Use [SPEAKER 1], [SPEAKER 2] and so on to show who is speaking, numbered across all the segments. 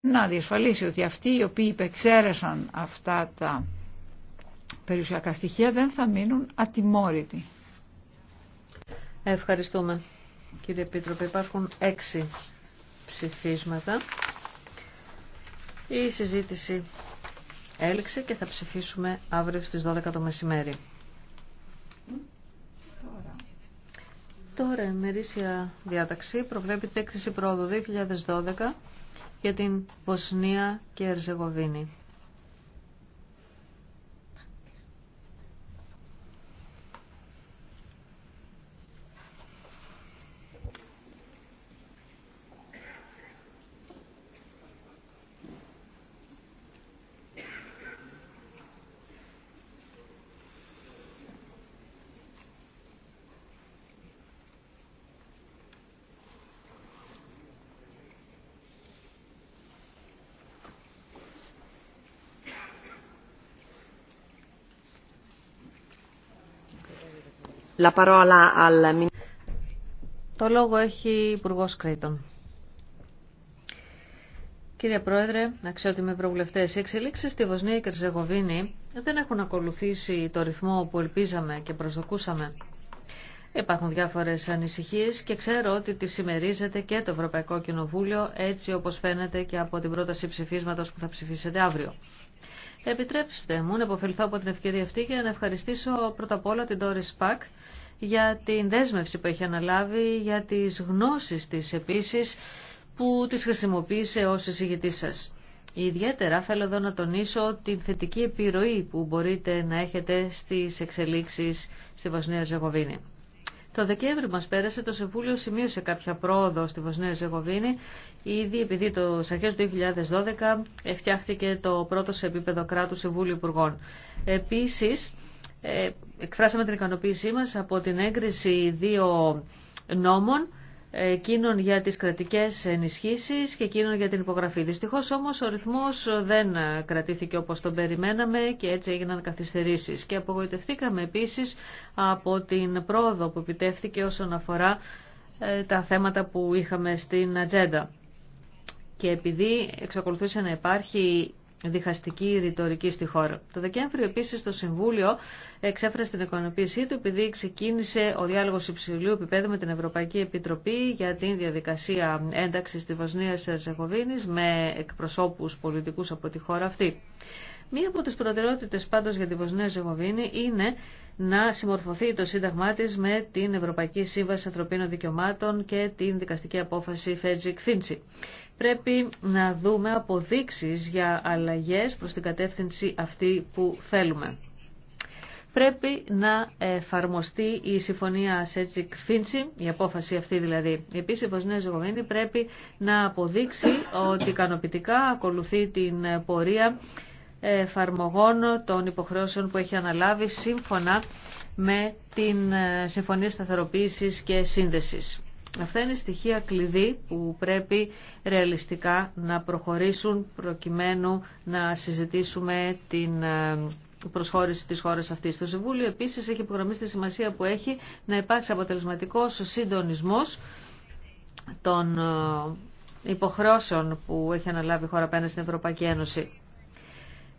[SPEAKER 1] να διασφαλίσει ότι αυτοί οι οποίοι υπεξαίρεσαν αυτά τα περιουσιακά στοιχεία δεν θα μείνουν ατιμόρυτοι. Ευχαριστούμε.
[SPEAKER 2] Κύριε Επίτροπε, υπάρχουν έξι ψηφίσματα. Η συζήτηση έληξε και θα ψηφίσουμε αύριο στις 12 το μεσημέρι. Τώρα, Τώρα η μερίσια διάταξη προβλέπει την έκθεση πρόοδο 2012 για την Βοσνία και Ερζεγοβίνη. Το λόγο έχει η Υπουργό Κρήτον. Κύριε Πρόεδρε, αξιότιμοι προβουλευτέ, οι εξελίξει στη Βοσνία και Ζεγοβίνη δεν έχουν ακολουθήσει το ρυθμό που ελπίζαμε και προσδοκούσαμε. Υπάρχουν διάφορε ανησυχίε και ξέρω ότι τι συμμερίζεται και το Ευρωπαϊκό Κοινοβούλιο, έτσι όπω φαίνεται και από την πρόταση ψηφίσματο που θα ψηφίσετε αύριο. Επιτρέψτε μου να υποφελθώ από την ευκαιρία αυτή για να ευχαριστήσω πρώτα απ' όλα την Doris Πακ για την δέσμευση που έχει αναλάβει, για τις γνώσεις της επίσης που τις χρησιμοποίησε ως εισηγητής σας. Ιδιαίτερα θέλω εδώ να τονίσω την θετική επιρροή που μπορείτε να έχετε στις εξελίξεις στη Βοσνία Ζεγοβίνη. Το Δεκέμβρη μας πέρασε το Συμβούλιο σημείωσε κάποια πρόοδο στη Βοσνία Ζεγοβίνη ήδη επειδή το αρχές του 2012 φτιάχτηκε το πρώτο σε επίπεδο κράτου Συμβούλιο Υπουργών. Επίσης, ε, εκφράσαμε την ικανοποίησή μας από την έγκριση δύο νόμων ε, εκείνων για τις κρατικές ενισχύσεις και εκείνων για την υπογραφή. Δυστυχώς όμως ο ρυθμός δεν κρατήθηκε όπως τον περιμέναμε και έτσι έγιναν καθυστερήσεις. Και απογοητευτήκαμε επίσης από την πρόοδο που επιτεύθηκε όσον αφορά ε, τα θέματα που είχαμε στην ατζέντα. Και επειδή εξακολουθούσε να υπάρχει διχαστική ρητορική στη χώρα. Το Δεκέμβριο επίση το Συμβούλιο εξέφρασε την ικανοποίησή του επειδή ξεκίνησε ο διάλογο υψηλού επίπεδου με την Ευρωπαϊκή Επιτροπή για την διαδικασία ένταξη τη Βοσνία Ερζεγοβίνη με εκπροσώπου πολιτικού από τη χώρα αυτή. Μία από τι προτεραιότητε πάντω για τη Βοσνία Ερζεγοβίνη είναι να συμμορφωθεί το Σύνταγμά τη με την Ευρωπαϊκή Σύμβαση Ανθρωπίνων Δικαιωμάτων και την δικαστική απόφαση Φέτζικ Φίντσι πρέπει να δούμε αποδείξεις για αλλαγές προς την κατεύθυνση αυτή που θέλουμε. Πρέπει να εφαρμοστεί η συμφωνία Σέτσικ Φίντσι, η απόφαση αυτή δηλαδή. Επίσης, η Βοσνία πρέπει να αποδείξει ότι ικανοποιητικά ακολουθεί την πορεία εφαρμογών των υποχρεώσεων που έχει αναλάβει σύμφωνα με την Συμφωνία Σταθεροποίησης και Σύνδεσης. Αυτά είναι στοιχεία κλειδί που πρέπει ρεαλιστικά να προχωρήσουν προκειμένου να συζητήσουμε την ε, προσχώρηση της χώρας αυτής. Το Συμβούλιο επίσης έχει υπογραμμίσει τη σημασία που έχει να υπάρξει αποτελεσματικός συντονισμός των ε, υποχρεώσεων που έχει αναλάβει η χώρα απέναντι στην Ευρωπαϊκή Ένωση.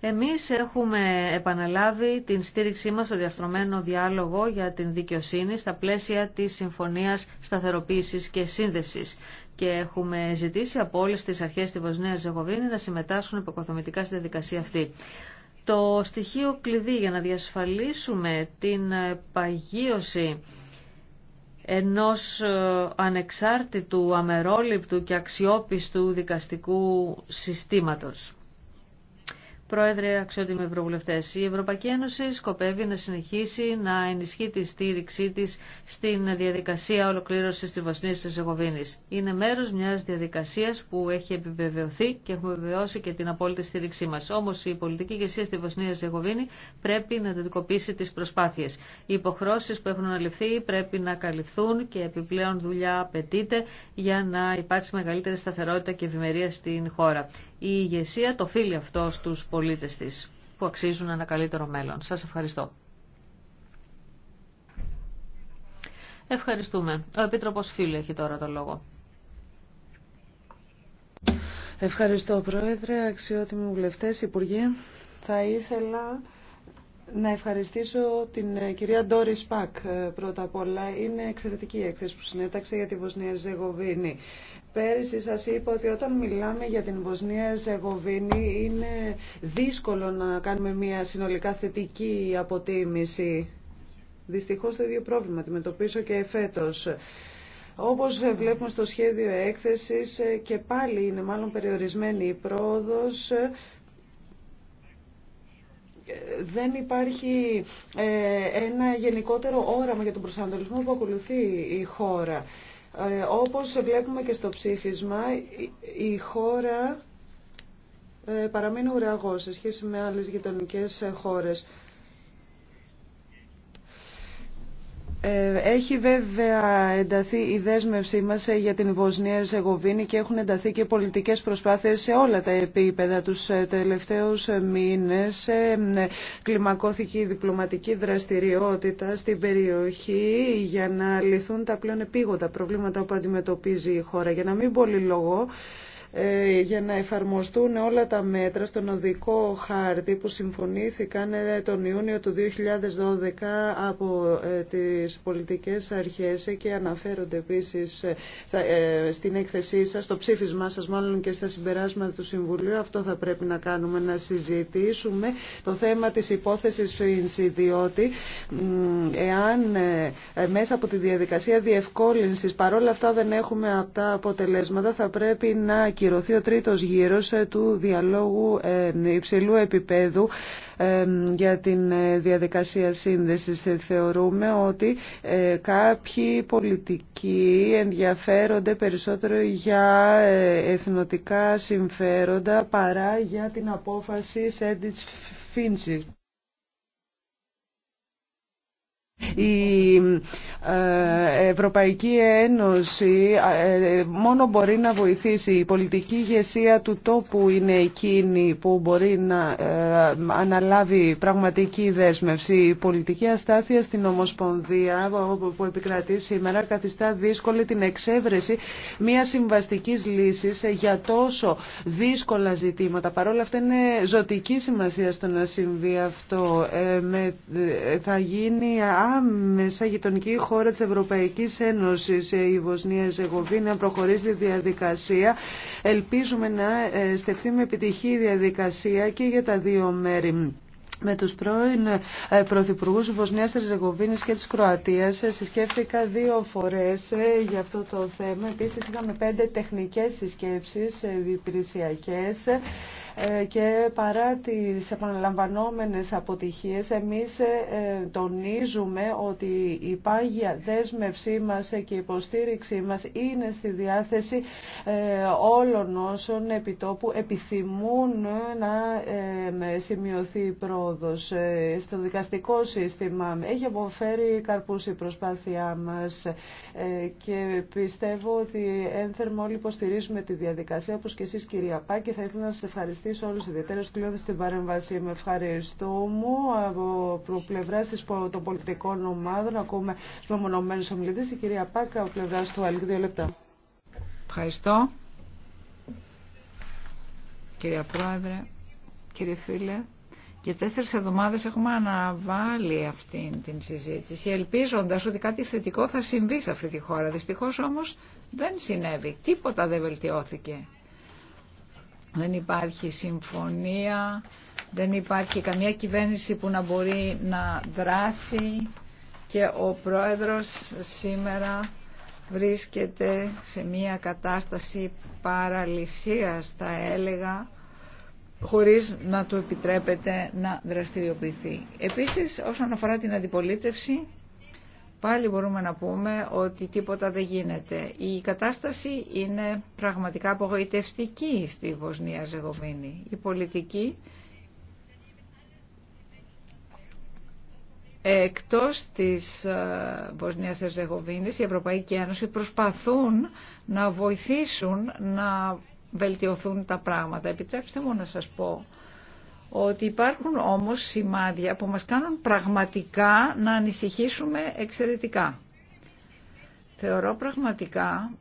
[SPEAKER 2] Εμείς έχουμε επαναλάβει την στήριξή μας στο διαρθρωμένο διάλογο για την δικαιοσύνη στα πλαίσια της Συμφωνίας Σταθεροποίησης και Σύνδεσης και έχουμε ζητήσει από όλες τις αρχές της Βοσνίας Ζεγοβίνη να συμμετάσχουν υποκοθομητικά στη διαδικασία αυτή. Το στοιχείο κλειδί για να διασφαλίσουμε την παγίωση ενός ε, ανεξάρτητου, αμερόληπτου και αξιόπιστου δικαστικού συστήματος. Πρόεδρε, αξιότιμοι Ευρωβουλευτέ, η Ευρωπαϊκή Ένωση σκοπεύει να συνεχίσει να ενισχύει τη στήριξή τη στην διαδικασία ολοκλήρωση τη Βοσνία και Ζεγοβίνη. Είναι μέρο μια διαδικασία που έχει επιβεβαιωθεί και έχουμε βεβαιώσει και την απόλυτη στήριξή μα. Όμω η πολιτική ηγεσία στη Βοσνία Ζεγοβίνη πρέπει να διδικοποιήσει τι προσπάθειε. Οι υποχρώσει που έχουν αναλυφθεί πρέπει να καλυφθούν και επιπλέον δουλειά απαιτείται για να υπάρξει μεγαλύτερη σταθερότητα και ευημερία στην χώρα η ηγεσία το φίλει αυτό στους πολίτες της που αξίζουν ένα καλύτερο μέλλον. Σας ευχαριστώ. Ευχαριστούμε. Ο Επίτροπος Φίλου έχει τώρα το
[SPEAKER 3] λόγο. Ευχαριστώ Πρόεδρε, αξιότιμοι βουλευτές, Υπουργοί. Θα ήθελα να ευχαριστήσω την ε, κυρία Ντόρι Σπακ ε, πρώτα απ' όλα. Είναι εξαιρετική η έκθεση που συνέταξε για τη Βοσνία Ζεγοβίνη. Πέρυσι σας είπα ότι όταν μιλάμε για την βοσνια ζεγοβινη είναι δύσκολο να κάνουμε μια συνολικά θετική αποτίμηση. Δυστυχώς το ίδιο πρόβλημα αντιμετωπίζω και φέτος. Όπως βλέπουμε στο σχέδιο έκθεσης και πάλι είναι μάλλον περιορισμένη η πρόοδος δεν υπάρχει ε, ένα γενικότερο όραμα για τον προσανατολισμό που ακολουθεί η χώρα. Ε, όπως βλέπουμε και στο ψήφισμα, η χώρα ε, παραμένει ουραγός σε σχέση με άλλες γειτονικές ε, χώρες. Ε, έχει βέβαια ενταθεί η δέσμευσή μας ε, για την Βοσνία Ζεγοβίνη και έχουν ενταθεί και πολιτικές προσπάθειες σε όλα τα επίπεδα τους ε, τελευταίους μήνες. Κλιμακώθηκε η διπλωματική δραστηριότητα στην περιοχή για να λυθούν τα πλέον επίγοντα προβλήματα που αντιμετωπίζει η χώρα. Για να μην πολυλογώ, ε, για να εφαρμοστούν όλα τα μέτρα στον οδικό χάρτη που συμφωνήθηκαν ε, τον Ιούνιο του 2012 από ε, τις πολιτικές αρχές και αναφέρονται επίσης στην έκθεσή σας, στο ψήφισμά σας μάλλον και στα συμπεράσματα του Συμβουλίου. Αυτό θα πρέπει να κάνουμε, να συζητήσουμε το θέμα της υπόθεσης του διότι εάν μέσα από τη διαδικασία διευκόλυνσης παρόλα αυτά δεν έχουμε αυτά αποτελέσματα, θα πρέπει να ακυρωθεί ο τρίτος γύρος του διαλόγου υψηλού επίπεδου για την διαδικασία σύνδεσης. Θεωρούμε ότι κάποιοι πολιτικοί ενδιαφέρονται περισσότερο για εθνοτικά συμφέροντα παρά για την απόφαση Σέντιτς Φίνσης. Η ε, Ευρωπαϊκή Ένωση ε, μόνο μπορεί να βοηθήσει. Η πολιτική ηγεσία του τόπου είναι εκείνη που μπορεί να ε, αναλάβει πραγματική δέσμευση. Η πολιτική αστάθεια στην Ομοσπονδία που επικρατεί σήμερα καθιστά δύσκολη την εξέβρεση μια συμβαστική λύση για τόσο δύσκολα ζητήματα. Παρόλα αυτά είναι ζωτική σημασία στο να συμβεί αυτό. θα γίνει Μεσα γειτονική χώρα της Ευρωπαϊκής Ένωσης ε, η Βοσνία Ζεγοβίνη να προχωρήσει τη διαδικασία. Ελπίζουμε να ε, στεφθεί με επιτυχή η διαδικασία και για τα δύο μέρη με τους πρώην ε, πρωθυπουργούς Βοσνίας Βοσνίας-Ζεγοβίνης και της Κροατίας. Συσκέφθηκα δύο φορές για αυτό το θέμα. Επίσης είχαμε πέντε τεχνικές συσκέψεις υπηρεσιακές ε, και παρά τις επαναλαμβανόμενες αποτυχίες εμείς ε, τονίζουμε ότι η πάγια δέσμευσή μας και η υποστήριξή μας είναι στη διάθεση ε, όλων όσων επιτόπου επιθυμούν να σημειωθεί η πρόοδος στο δικαστικό σύστημα. Έχει αποφέρει καρπούς η προσπάθειά μας και πιστεύω ότι ένθερμα όλοι υποστηρίζουμε τη διαδικασία όπως και εσείς κυρία Πάκη θα ήθελα να σας ευχαριστήσω ευχαριστήσω όλους ιδιαίτερες κλειώδες στην παρέμβαση μου. ευχαριστώ μου από πλευρά των πολιτικών ομάδων ακούμε στους μεμονωμένους ομιλητές η κυρία Πάκα από πλευρά του ΑΛΚ δύο λεπτά Ευχαριστώ
[SPEAKER 1] Κυρία Πρόεδρε κύριε φίλε Και τέσσερι εβδομάδε έχουμε αναβάλει αυτήν την συζήτηση, Ελπίζοντα ότι κάτι θετικό θα συμβεί σε αυτή τη χώρα. Δυστυχώ όμω δεν συνέβη, τίποτα δεν βελτιώθηκε δεν υπάρχει συμφωνία, δεν υπάρχει καμία κυβέρνηση που να μπορεί να δράσει και ο πρόεδρος σήμερα βρίσκεται σε μια κατάσταση παραλυσίας θα έλεγα χωρίς να του επιτρέπεται να δραστηριοποιηθεί. Επίσης όσον αφορά την αντιπολίτευση πάλι μπορούμε να πούμε ότι τίποτα δεν γίνεται. Η κατάσταση είναι πραγματικά απογοητευτική στη Βοσνία Ζεγοβίνη. Η πολιτική εκτός της ε, Βοσνίας Ζεγοβίνης η Ευρωπαϊκή Ένωση προσπαθούν να βοηθήσουν να βελτιωθούν τα πράγματα. Επιτρέψτε μου να σας πω ότι υπάρχουν όμως σημάδια που μας κάνουν πραγματικά να ανησυχήσουμε εξαιρετικά. Θεωρώ πραγματικά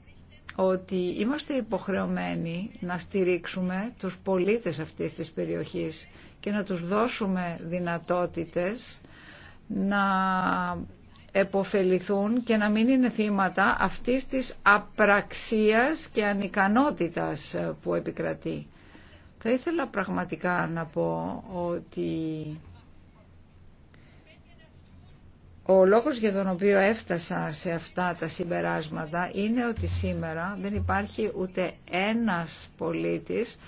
[SPEAKER 1] ότι είμαστε υποχρεωμένοι να στηρίξουμε τους πολίτες αυτής της περιοχής και να τους δώσουμε δυνατότητες να εποφεληθούν και να μην είναι θύματα αυτής της απραξίας και ανικανότητας που επικρατεί. Θα ήθελα πραγματικά να πω ότι ο λόγος για τον οποίο έφτασα σε αυτά τα συμπεράσματα είναι ότι σήμερα δεν υπάρχει ούτε ένας πολίτης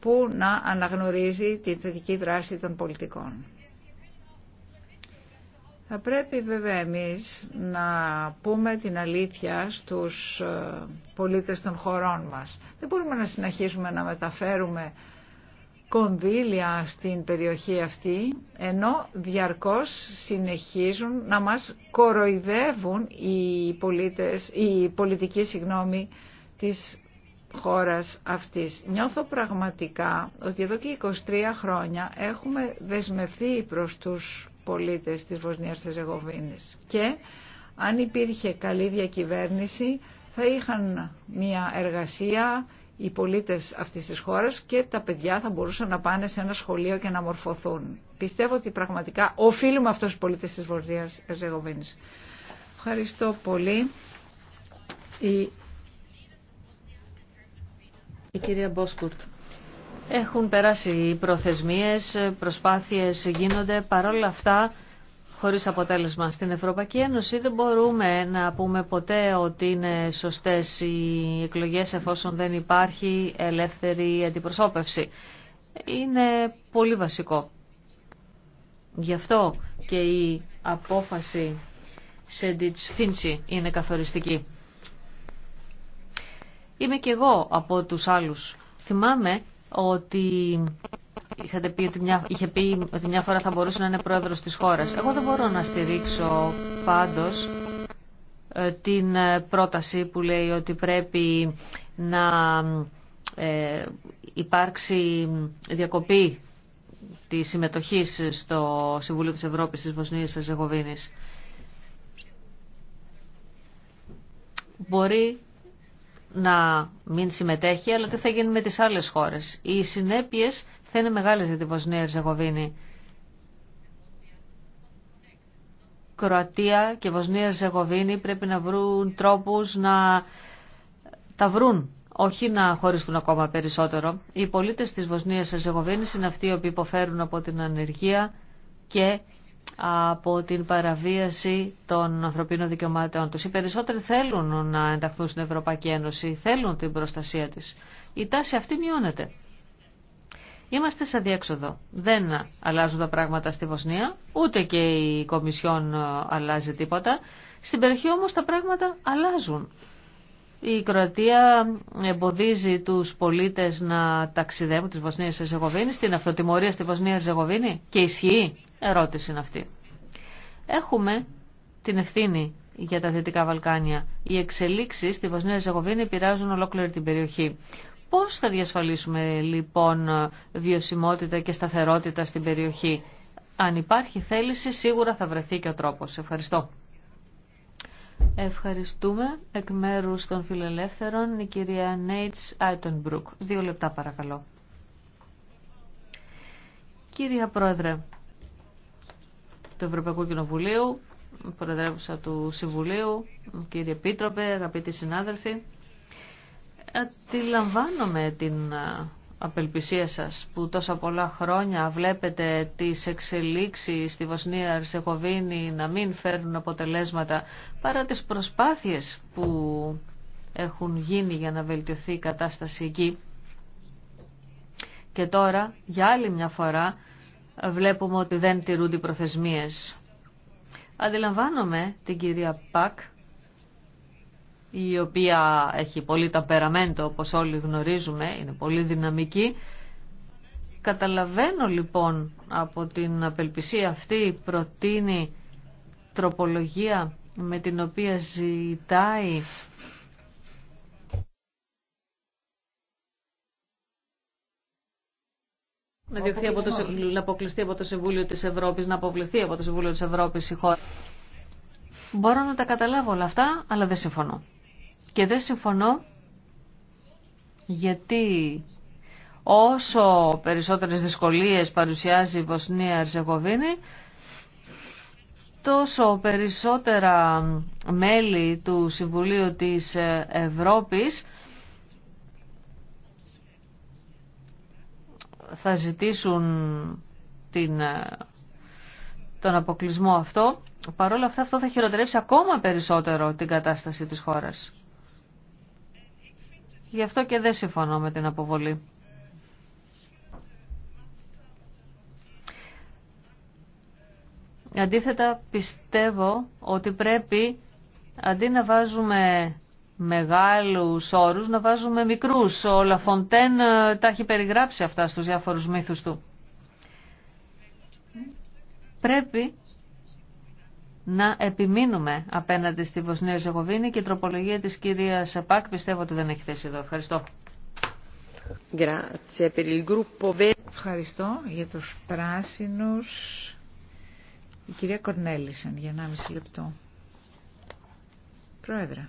[SPEAKER 1] που να αναγνωρίζει την θετική δράση των πολιτικών. Θα πρέπει βέβαια εμείς να πούμε την αλήθεια στους ε, πολίτες των χωρών μας. Δεν μπορούμε να συνεχίσουμε να μεταφέρουμε κονδύλια στην περιοχή αυτή, ενώ διαρκώς συνεχίζουν να μας κοροϊδεύουν οι, πολίτες, οι πολιτικοί συγγνώμη, της χώρας αυτής. Νιώθω πραγματικά ότι εδώ και 23 χρόνια έχουμε δεσμευθεί προς τους πολίτες της Βοσνίας της Και αν υπήρχε καλή διακυβέρνηση θα είχαν μια εργασία, οι πολίτες αυτής της χώρας και τα παιδιά θα μπορούσαν να πάνε σε ένα σχολείο και να μορφωθούν. Πιστεύω ότι πραγματικά οφείλουμε αυτούς τους πολίτες της Βορδίας Ζεγοβίνης. Ευχαριστώ πολύ. Η... η κυρία Μπόσκουρτ.
[SPEAKER 2] Έχουν περάσει οι προθεσμίες, προσπάθειες γίνονται, παρόλα αυτά χωρίς αποτέλεσμα στην Ευρωπαϊκή Ένωση. Δεν μπορούμε να πούμε ποτέ ότι είναι σωστές οι εκλογές εφόσον δεν υπάρχει ελεύθερη αντιπροσώπευση. Είναι πολύ βασικό. Γι' αυτό και η απόφαση Σέντιτς Φίντσι είναι καθοριστική. Είμαι και εγώ από τους άλλους. Θυμάμαι ότι είχατε πει μια, είχε πει ότι μια φορά θα μπορούσε να είναι πρόεδρος της χώρας. Εγώ δεν μπορώ να στηρίξω πάντως ε, την ε, πρόταση που λέει ότι πρέπει να ε, υπάρξει διακοπή της συμμετοχής στο Συμβούλιο της Ευρώπης της Βοσνίας της Ζεγοβίνης. Μπορεί να μην συμμετέχει, αλλά τι θα γίνει με τις άλλες χώρες. Οι συνέπειες θα είναι μεγάλες για τη Βοσνία ριζεγοβινη Κροατία και Βοσνία ριζεγοβινη πρέπει να βρουν τρόπους να τα βρουν, όχι να χωρίσουν ακόμα περισσότερο. Οι πολίτες της Βοσνίας Ερζεγοβίνης είναι αυτοί οι οποίοι υποφέρουν από την ανεργία και από την παραβίαση των ανθρωπίνων δικαιωμάτων τους. Οι περισσότεροι θέλουν να ενταχθούν στην Ευρωπαϊκή Ένωση, θέλουν την προστασία της. Η τάση αυτή μειώνεται. Είμαστε σε διέξοδο. Δεν αλλάζουν τα πράγματα στη Βοσνία, ούτε και η Κομισιόν ε, αλλάζει τίποτα. Στην περιοχή όμως τα πράγματα αλλάζουν. Η Κροατία εμποδίζει τους πολίτες να ταξιδεύουν της Βοσνίας Ριζεγοβίνη, την αυτοτιμωρία στη Βοσνία ριζεγοβινη και ισχύει. Ερώτηση είναι αυτή. Έχουμε την ευθύνη για τα Δυτικά Βαλκάνια. Οι εξελίξεις στη Βοσνία Ζεγοβίνη επηρεάζουν ολόκληρη την περιοχή. Πώς θα διασφαλίσουμε λοιπόν βιωσιμότητα και σταθερότητα στην περιοχή. Αν υπάρχει θέληση σίγουρα θα βρεθεί και ο τρόπος. Ευχαριστώ. Ευχαριστούμε εκ μέρους των φιλελεύθερων η κυρία Νέιτς Άιτονμπρουκ. Δύο λεπτά παρακαλώ. Κυρία Πρόεδρε του Ευρωπαϊκού Κοινοβουλίου, Προεδρεύουσα του Συμβουλίου, κύριε Πίτροπε, αγαπητοί συνάδελφοι, Αντιλαμβάνομαι την απελπισία σας που τόσα πολλά χρόνια βλέπετε τις εξελίξεις στη Βοσνία Ρισεχοβίνη να μην φέρνουν αποτελέσματα παρά τις προσπάθειες που έχουν γίνει για να βελτιωθεί η κατάσταση εκεί. Και τώρα για άλλη μια φορά βλέπουμε ότι δεν τηρούνται οι προθεσμίες. Αντιλαμβάνομαι την κυρία Πακ η οποία έχει πολύ ταπεραμέντο, όπως όλοι γνωρίζουμε, είναι πολύ δυναμική. Καταλαβαίνω λοιπόν από την απελπισία αυτή προτείνει τροπολογία με την οποία ζητάει να, από το, να αποκλειστεί από το Συμβούλιο της Ευρώπης, να αποβληθεί από το Συμβούλιο της Ευρώπης η χώρα. Μπορώ να τα καταλάβω όλα αυτά, αλλά δεν συμφωνώ. Και δεν συμφωνώ γιατί όσο περισσότερες δυσκολίες παρουσιάζει η Βοσνία Αρζεγοβίνη, τόσο περισσότερα μέλη του Συμβουλίου της Ευρώπης θα ζητήσουν την, τον αποκλεισμό αυτό. Παρ' όλα αυτά αυτό θα χειροτερέψει ακόμα περισσότερο την κατάσταση της χώρας. Γι' αυτό και δεν συμφωνώ με την αποβολή. Αντίθετα, πιστεύω ότι πρέπει αντί να βάζουμε μεγάλους όρους, να βάζουμε μικρούς. Ο Λαφοντέν ε, τα έχει περιγράψει αυτά στους διάφορους μύθους του. Πρέπει να επιμείνουμε απέναντι στη Βοσνία Ζεγοβίνη και η τροπολογία της κυρίας Πακ πιστεύω ότι δεν έχει θέση εδώ. Ευχαριστώ.
[SPEAKER 1] Ευχαριστώ για τους πράσινους. Η κυρία Κορνέλησεν για 1,5 λεπτό. Πρόεδρε.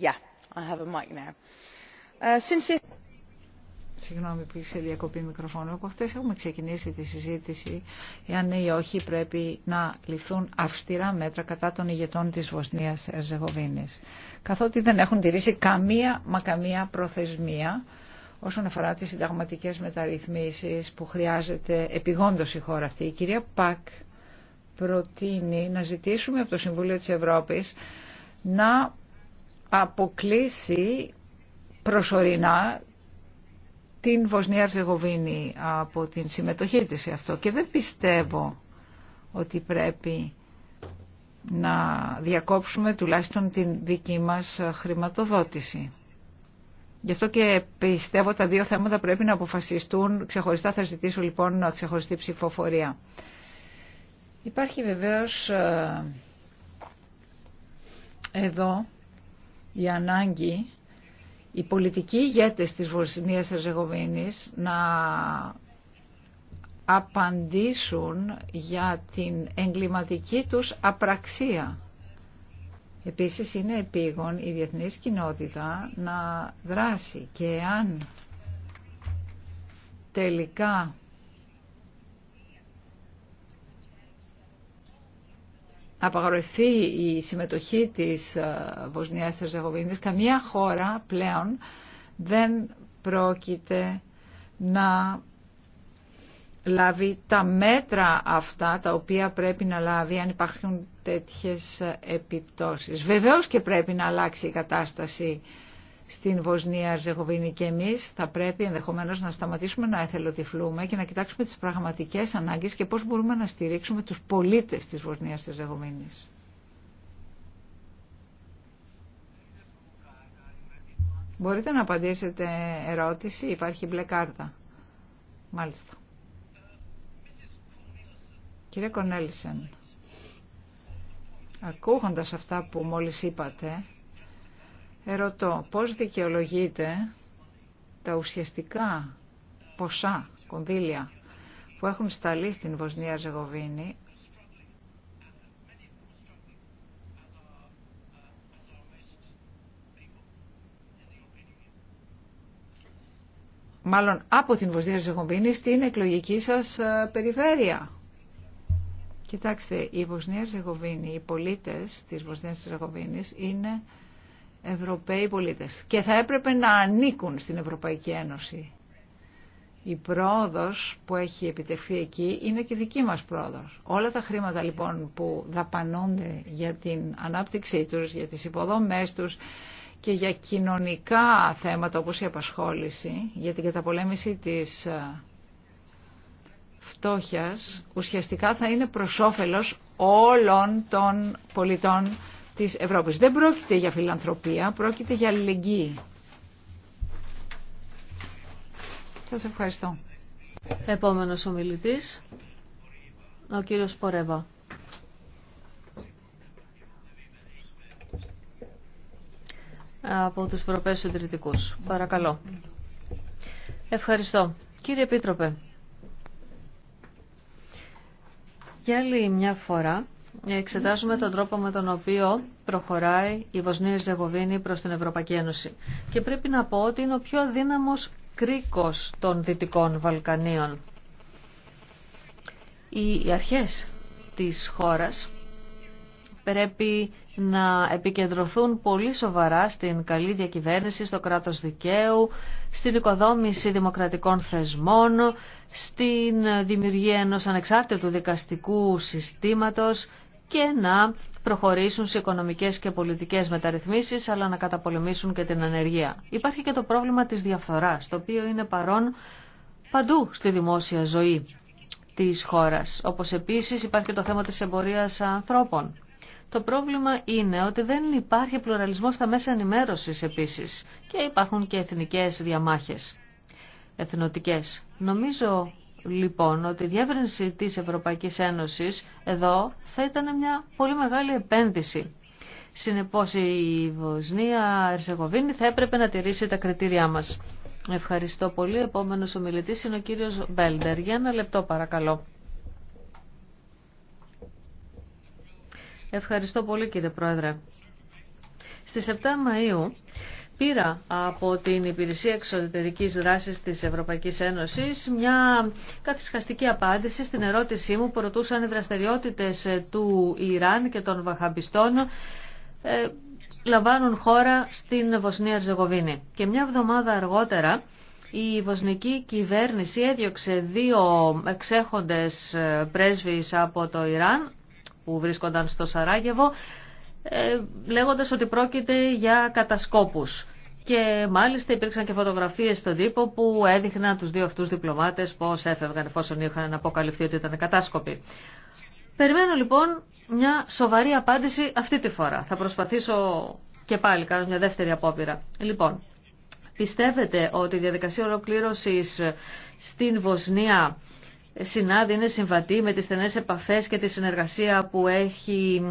[SPEAKER 4] Yeah, I have a mic now.
[SPEAKER 1] Uh, since it... Συγγνώμη που είσαι διακοπή μικροφώνου. Από χτες έχουμε ξεκινήσει τη συζήτηση εάν η χώρα αυτή. Η κυρία Πακ προτείνει να ζητήσουμε από το Συμβούλιο της βοσνιας ερζεγοβινης καθοτι δεν εχουν τηρησει καμια μα καμια προθεσμια οσον αφορα τις συνταγματικέ μεταρρυθμισεις που χρειαζεται επιγοντως η χωρα αυτη η κυρια πακ προτεινει να αποκλείσει προσωρινά την Βοσνία Αρζεγοβίνη από την συμμετοχή της σε αυτό και δεν πιστεύω ότι πρέπει να διακόψουμε τουλάχιστον την δική μας χρηματοδότηση. Γι' αυτό και πιστεύω τα δύο θέματα πρέπει να αποφασιστούν ξεχωριστά. Θα ζητήσω λοιπόν ξεχωριστή ψηφοφορία. Υπάρχει βεβαίως ε, εδώ η ανάγκη οι πολιτικοί ηγέτες της Βοσνίας Ερζεγοβίνης να απαντήσουν για την εγκληματική τους απραξία. Επίσης είναι επίγον η διεθνής κοινότητα να δράσει και αν τελικά απαγορευτεί η συμμετοχή της ε, Βοσνίας Ερζεγοβίνης, καμία χώρα πλέον δεν πρόκειται να λάβει τα μέτρα αυτά τα οποία πρέπει να λάβει αν υπάρχουν τέτοιες επιπτώσεις. Βεβαίως και πρέπει να αλλάξει η κατάσταση στην Βοσνία Ζεγοβίνη και εμείς θα πρέπει ενδεχομένως να σταματήσουμε να εθελοτυφλούμε και να κοιτάξουμε τις πραγματικές ανάγκες και πώς μπορούμε να στηρίξουμε τους πολίτες της Βοσνίας της Μπορείτε να απαντήσετε ερώτηση, υπάρχει μπλε κάρτα. Μάλιστα. Κύριε Κονέλισεν, ακούγοντας αυτά που μόλις είπατε, Ερωτώ, πώς δικαιολογείται τα ουσιαστικά ποσά, κονδύλια που έχουν σταλεί στην Βοσνία Ζεγοβίνη μάλλον από την Βοσνία Ζεγοβίνη στην εκλογική σας ε, περιφέρεια. Κοιτάξτε, η Βοσνία Ζεγοβίνη, οι πολίτες της Βοσνίας Ζεγοβίνης είναι Ευρωπαίοι πολίτες και θα έπρεπε να ανήκουν στην Ευρωπαϊκή Ένωση. Η πρόοδος που έχει επιτευχθεί εκεί είναι και δική μας πρόοδος. Όλα τα χρήματα λοιπόν που δαπανώνται για την ανάπτυξή τους, για τις υποδομές τους και για κοινωνικά θέματα όπως η απασχόληση, για την καταπολέμηση της ε, φτώχειας, ουσιαστικά θα είναι προς όφελος όλων των πολιτών της Ευρώπης. Δεν πρόκειται για φιλανθρωπία, πρόκειται για αλληλεγγύη. Σας ευχαριστώ. Επόμενος ομιλητής,
[SPEAKER 2] ο κύριος Πορεύα. από τους Ευρωπαίους Συντηρητικούς. Παρακαλώ. Ευχαριστώ. Κύριε Επίτροπε, για άλλη μια φορά εξετάζουμε τον τρόπο με τον οποίο προχωράει η Βοσνία Ζεγοβίνη προς την Ευρωπαϊκή Ένωση. Και πρέπει να πω ότι είναι ο πιο δύναμος κρίκος των Δυτικών Βαλκανίων. Οι αρχές της χώρας πρέπει να επικεντρωθούν πολύ σοβαρά στην καλή διακυβέρνηση, στο κράτος δικαίου, στην οικοδόμηση δημοκρατικών θεσμών, στην δημιουργία ενός ανεξάρτητου δικαστικού συστήματος, και να προχωρήσουν σε οικονομικές και πολιτικές μεταρρυθμίσεις, αλλά να καταπολεμήσουν και την ανεργία. Υπάρχει και το πρόβλημα της διαφθοράς, το οποίο είναι παρόν παντού στη δημόσια ζωή της χώρας. Όπως επίσης υπάρχει και το θέμα της εμπορίας ανθρώπων. Το πρόβλημα είναι ότι δεν υπάρχει πλουραλισμό στα μέσα ενημέρωσης επίσης και υπάρχουν και εθνικές διαμάχες, εθνοτικές. Νομίζω λοιπόν ότι η διεύρυνση της Ευρωπαϊκής Ένωσης εδώ θα ήταν μια πολύ μεγάλη επένδυση. Συνεπώς η Βοσνία Ερσεγοβίνη θα έπρεπε να τηρήσει τα κριτήριά μας. Ευχαριστώ πολύ. Επόμενος ομιλητής είναι ο κύριος Μπέλντερ. Για ένα λεπτό παρακαλώ. Ευχαριστώ πολύ κύριε Πρόεδρε. Στις 7 Μαΐου πήρα από την Υπηρεσία Εξωτερικής Δράσης της Ευρωπαϊκής Ένωσης μια καθισχαστική απάντηση στην ερώτησή μου που ρωτούσαν οι δραστηριότητες ε, του Ιράν και των Βαχαμπιστών ε, λαμβάνουν χώρα στην Βοσνία Ερζεγοβίνη. Και μια εβδομάδα αργότερα η βοσνική κυβέρνηση έδιωξε δύο εξέχοντες ε, πρέσβεις από το Ιράν που βρίσκονταν στο Σαράγεβο ε, λέγοντας ότι πρόκειται για κατασκόπους. Και μάλιστα υπήρξαν και φωτογραφίες στον τύπο που έδειχναν τους δύο αυτούς διπλωμάτες πώς έφευγαν εφόσον είχαν αποκαλυφθεί ότι ήταν κατάσκοποι. Περιμένω λοιπόν μια σοβαρή απάντηση αυτή τη φορά. Θα προσπαθήσω και πάλι, κάνω μια δεύτερη απόπειρα. Λοιπόν, πιστεύετε ότι η διαδικασία ολοκλήρωσης στην Βοσνία συνάδει, είναι συμβατή με τις στενές επαφές και τη συνεργασία που έχει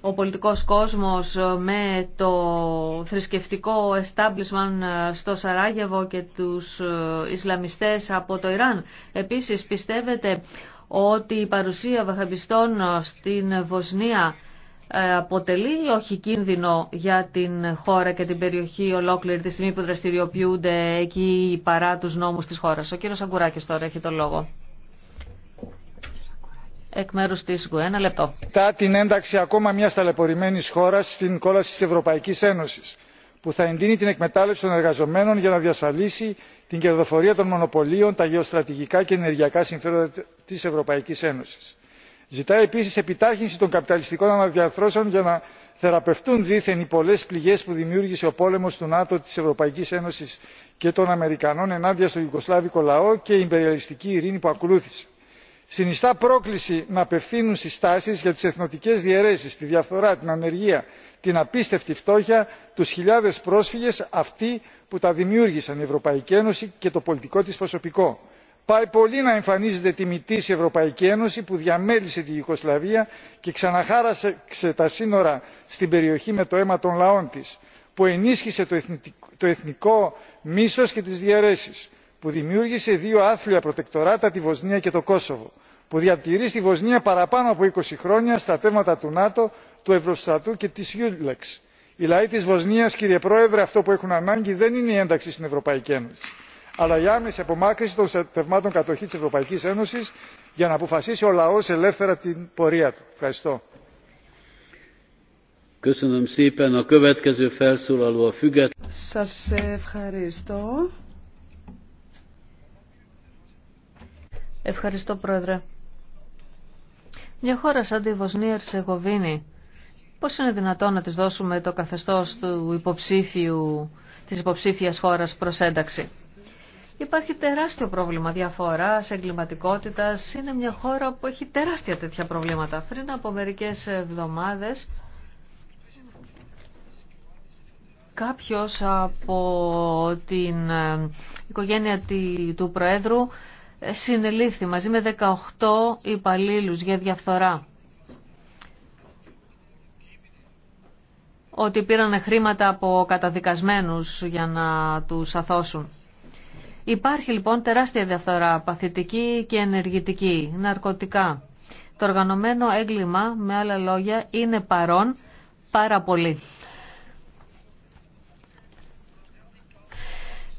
[SPEAKER 2] ο πολιτικός κόσμος με το θρησκευτικό establishment στο Σαράγεβο και τους Ισλαμιστές από το Ιράν. Επίσης πιστεύετε ότι η παρουσία βαχαμπιστών στην Βοσνία ε, αποτελεί ή όχι κίνδυνο για την χώρα και την περιοχή ολόκληρη τη στιγμή που δραστηριοποιούνται εκεί παρά τους νόμους της χώρας. Ο κύριος Αγκουράκης τώρα έχει το λόγο εκ μέρους της ΓΟΕ. Ένα λεπτό.
[SPEAKER 5] Μετά την ένταξη ακόμα μιας ταλαιπωρημένης χώρας στην κόλαση της Ευρωπαϊκής Ένωσης, που θα εντείνει την εκμετάλλευση των εργαζομένων για να διασφαλίσει την κερδοφορία των μονοπωλίων, τα γεωστρατηγικά και ενεργειακά συμφέροντα της Ευρωπαϊκής Ένωσης. Ζητάει επίσης επιτάχυνση των καπιταλιστικών αναδιαρθρώσεων για να θεραπευτούν δήθεν οι πολλές πληγές που δημιούργησε ο πόλεμος του ΝΑΤΟ, της Ευρωπαϊκής Ένωσης και των Αμερικανών ενάντια στο Ιουγκοσλάβικο λαό και η υπεριαλιστική ειρήνη που ακολούθησε συνιστά πρόκληση να απευθύνουν συστάσεις για τις εθνοτικές διαιρέσεις τη διαφθορά την ανεργία την απίστευτη φτώχεια τους χιλιάδες πρόσφυγες αυτοί που τα δημιούργησαν η ευρωπαϊκή ένωση και το πολιτικό της προσωπικό. πάει πολύ να εμφανίζεται τιμητής η ευρωπαϊκή ένωση που διαμέλυσε τη γιουγκοσλαβία και ξαναχάρασε τα σύνορα στην περιοχή με το αίμα των λαών της που ενίσχυσε το εθνικό μίσος και τις διαιρέσεις που δημιούργησε δύο άθλια προτεκτοράτα τη βοσνία και το κόσοβο που διατηρεί στη βοσνία παραπάνω από είκοσι χρόνια θέματα του νάτο του ευρωστρατού και της ιούλεξ. οι λαοί της βοσνίας κύριε πρόεδρε αυτό που έχουν ανάγκη δεν είναι η ένταξη στην ευρωπαϊκή ένωση αλλά η άμεση απομάκρυνση των στρατευμάτων κατοχή της ευρωπαϊκής ένωσης για να αποφασίσει ο λαός ελεύθερα την πορεία του. ευχαριστώ.
[SPEAKER 3] Σας ευχαριστώ. Ευχαριστώ, Πρόεδρε.
[SPEAKER 2] Μια χώρα σαν τη Βοσνία Ερσεγοβίνη, πώς είναι δυνατόν να της δώσουμε το καθεστώς του υποψήφιου, της υποψήφιας χώρας προς ένταξη. Υπάρχει τεράστιο πρόβλημα διαφοράς, εγκληματικότητας. Είναι μια χώρα που έχει τεράστια τέτοια προβλήματα. Πριν από μερικέ εβδομάδες κάποιος από την ε, οικογένεια του Προέδρου συνελήφθη μαζί με 18 υπαλλήλους για διαφθορά. Ότι πήραν χρήματα από καταδικασμένους για να τους αθώσουν. Υπάρχει λοιπόν τεράστια διαφθορά, παθητική και ενεργητική, ναρκωτικά. Το οργανωμένο έγκλημα, με άλλα λόγια, είναι παρόν πάρα πολύ.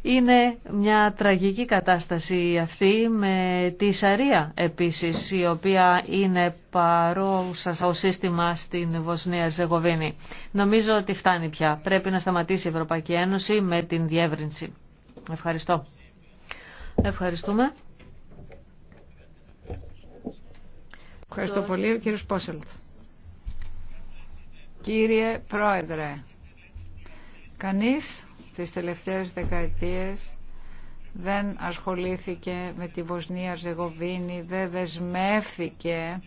[SPEAKER 2] Είναι μια τραγική κατάσταση αυτή με τη Σαρία επίσης, η οποία είναι παρόσα ο σύστημα στην Βοσνία Ζεγοβίνη. Νομίζω ότι φτάνει πια. Πρέπει να σταματήσει η Ευρωπαϊκή Ένωση με την διεύρυνση. Ευχαριστώ. Ευχαριστούμε.
[SPEAKER 1] Ευχαριστώ πολύ. Ο κύριος Πόσελτ. Κύριε Πρόεδρε, κανείς τις τελευταίες δεκαετίες δεν ασχολήθηκε με τη Βοσνία ζεγοβίνη δεν δεσμεύθηκε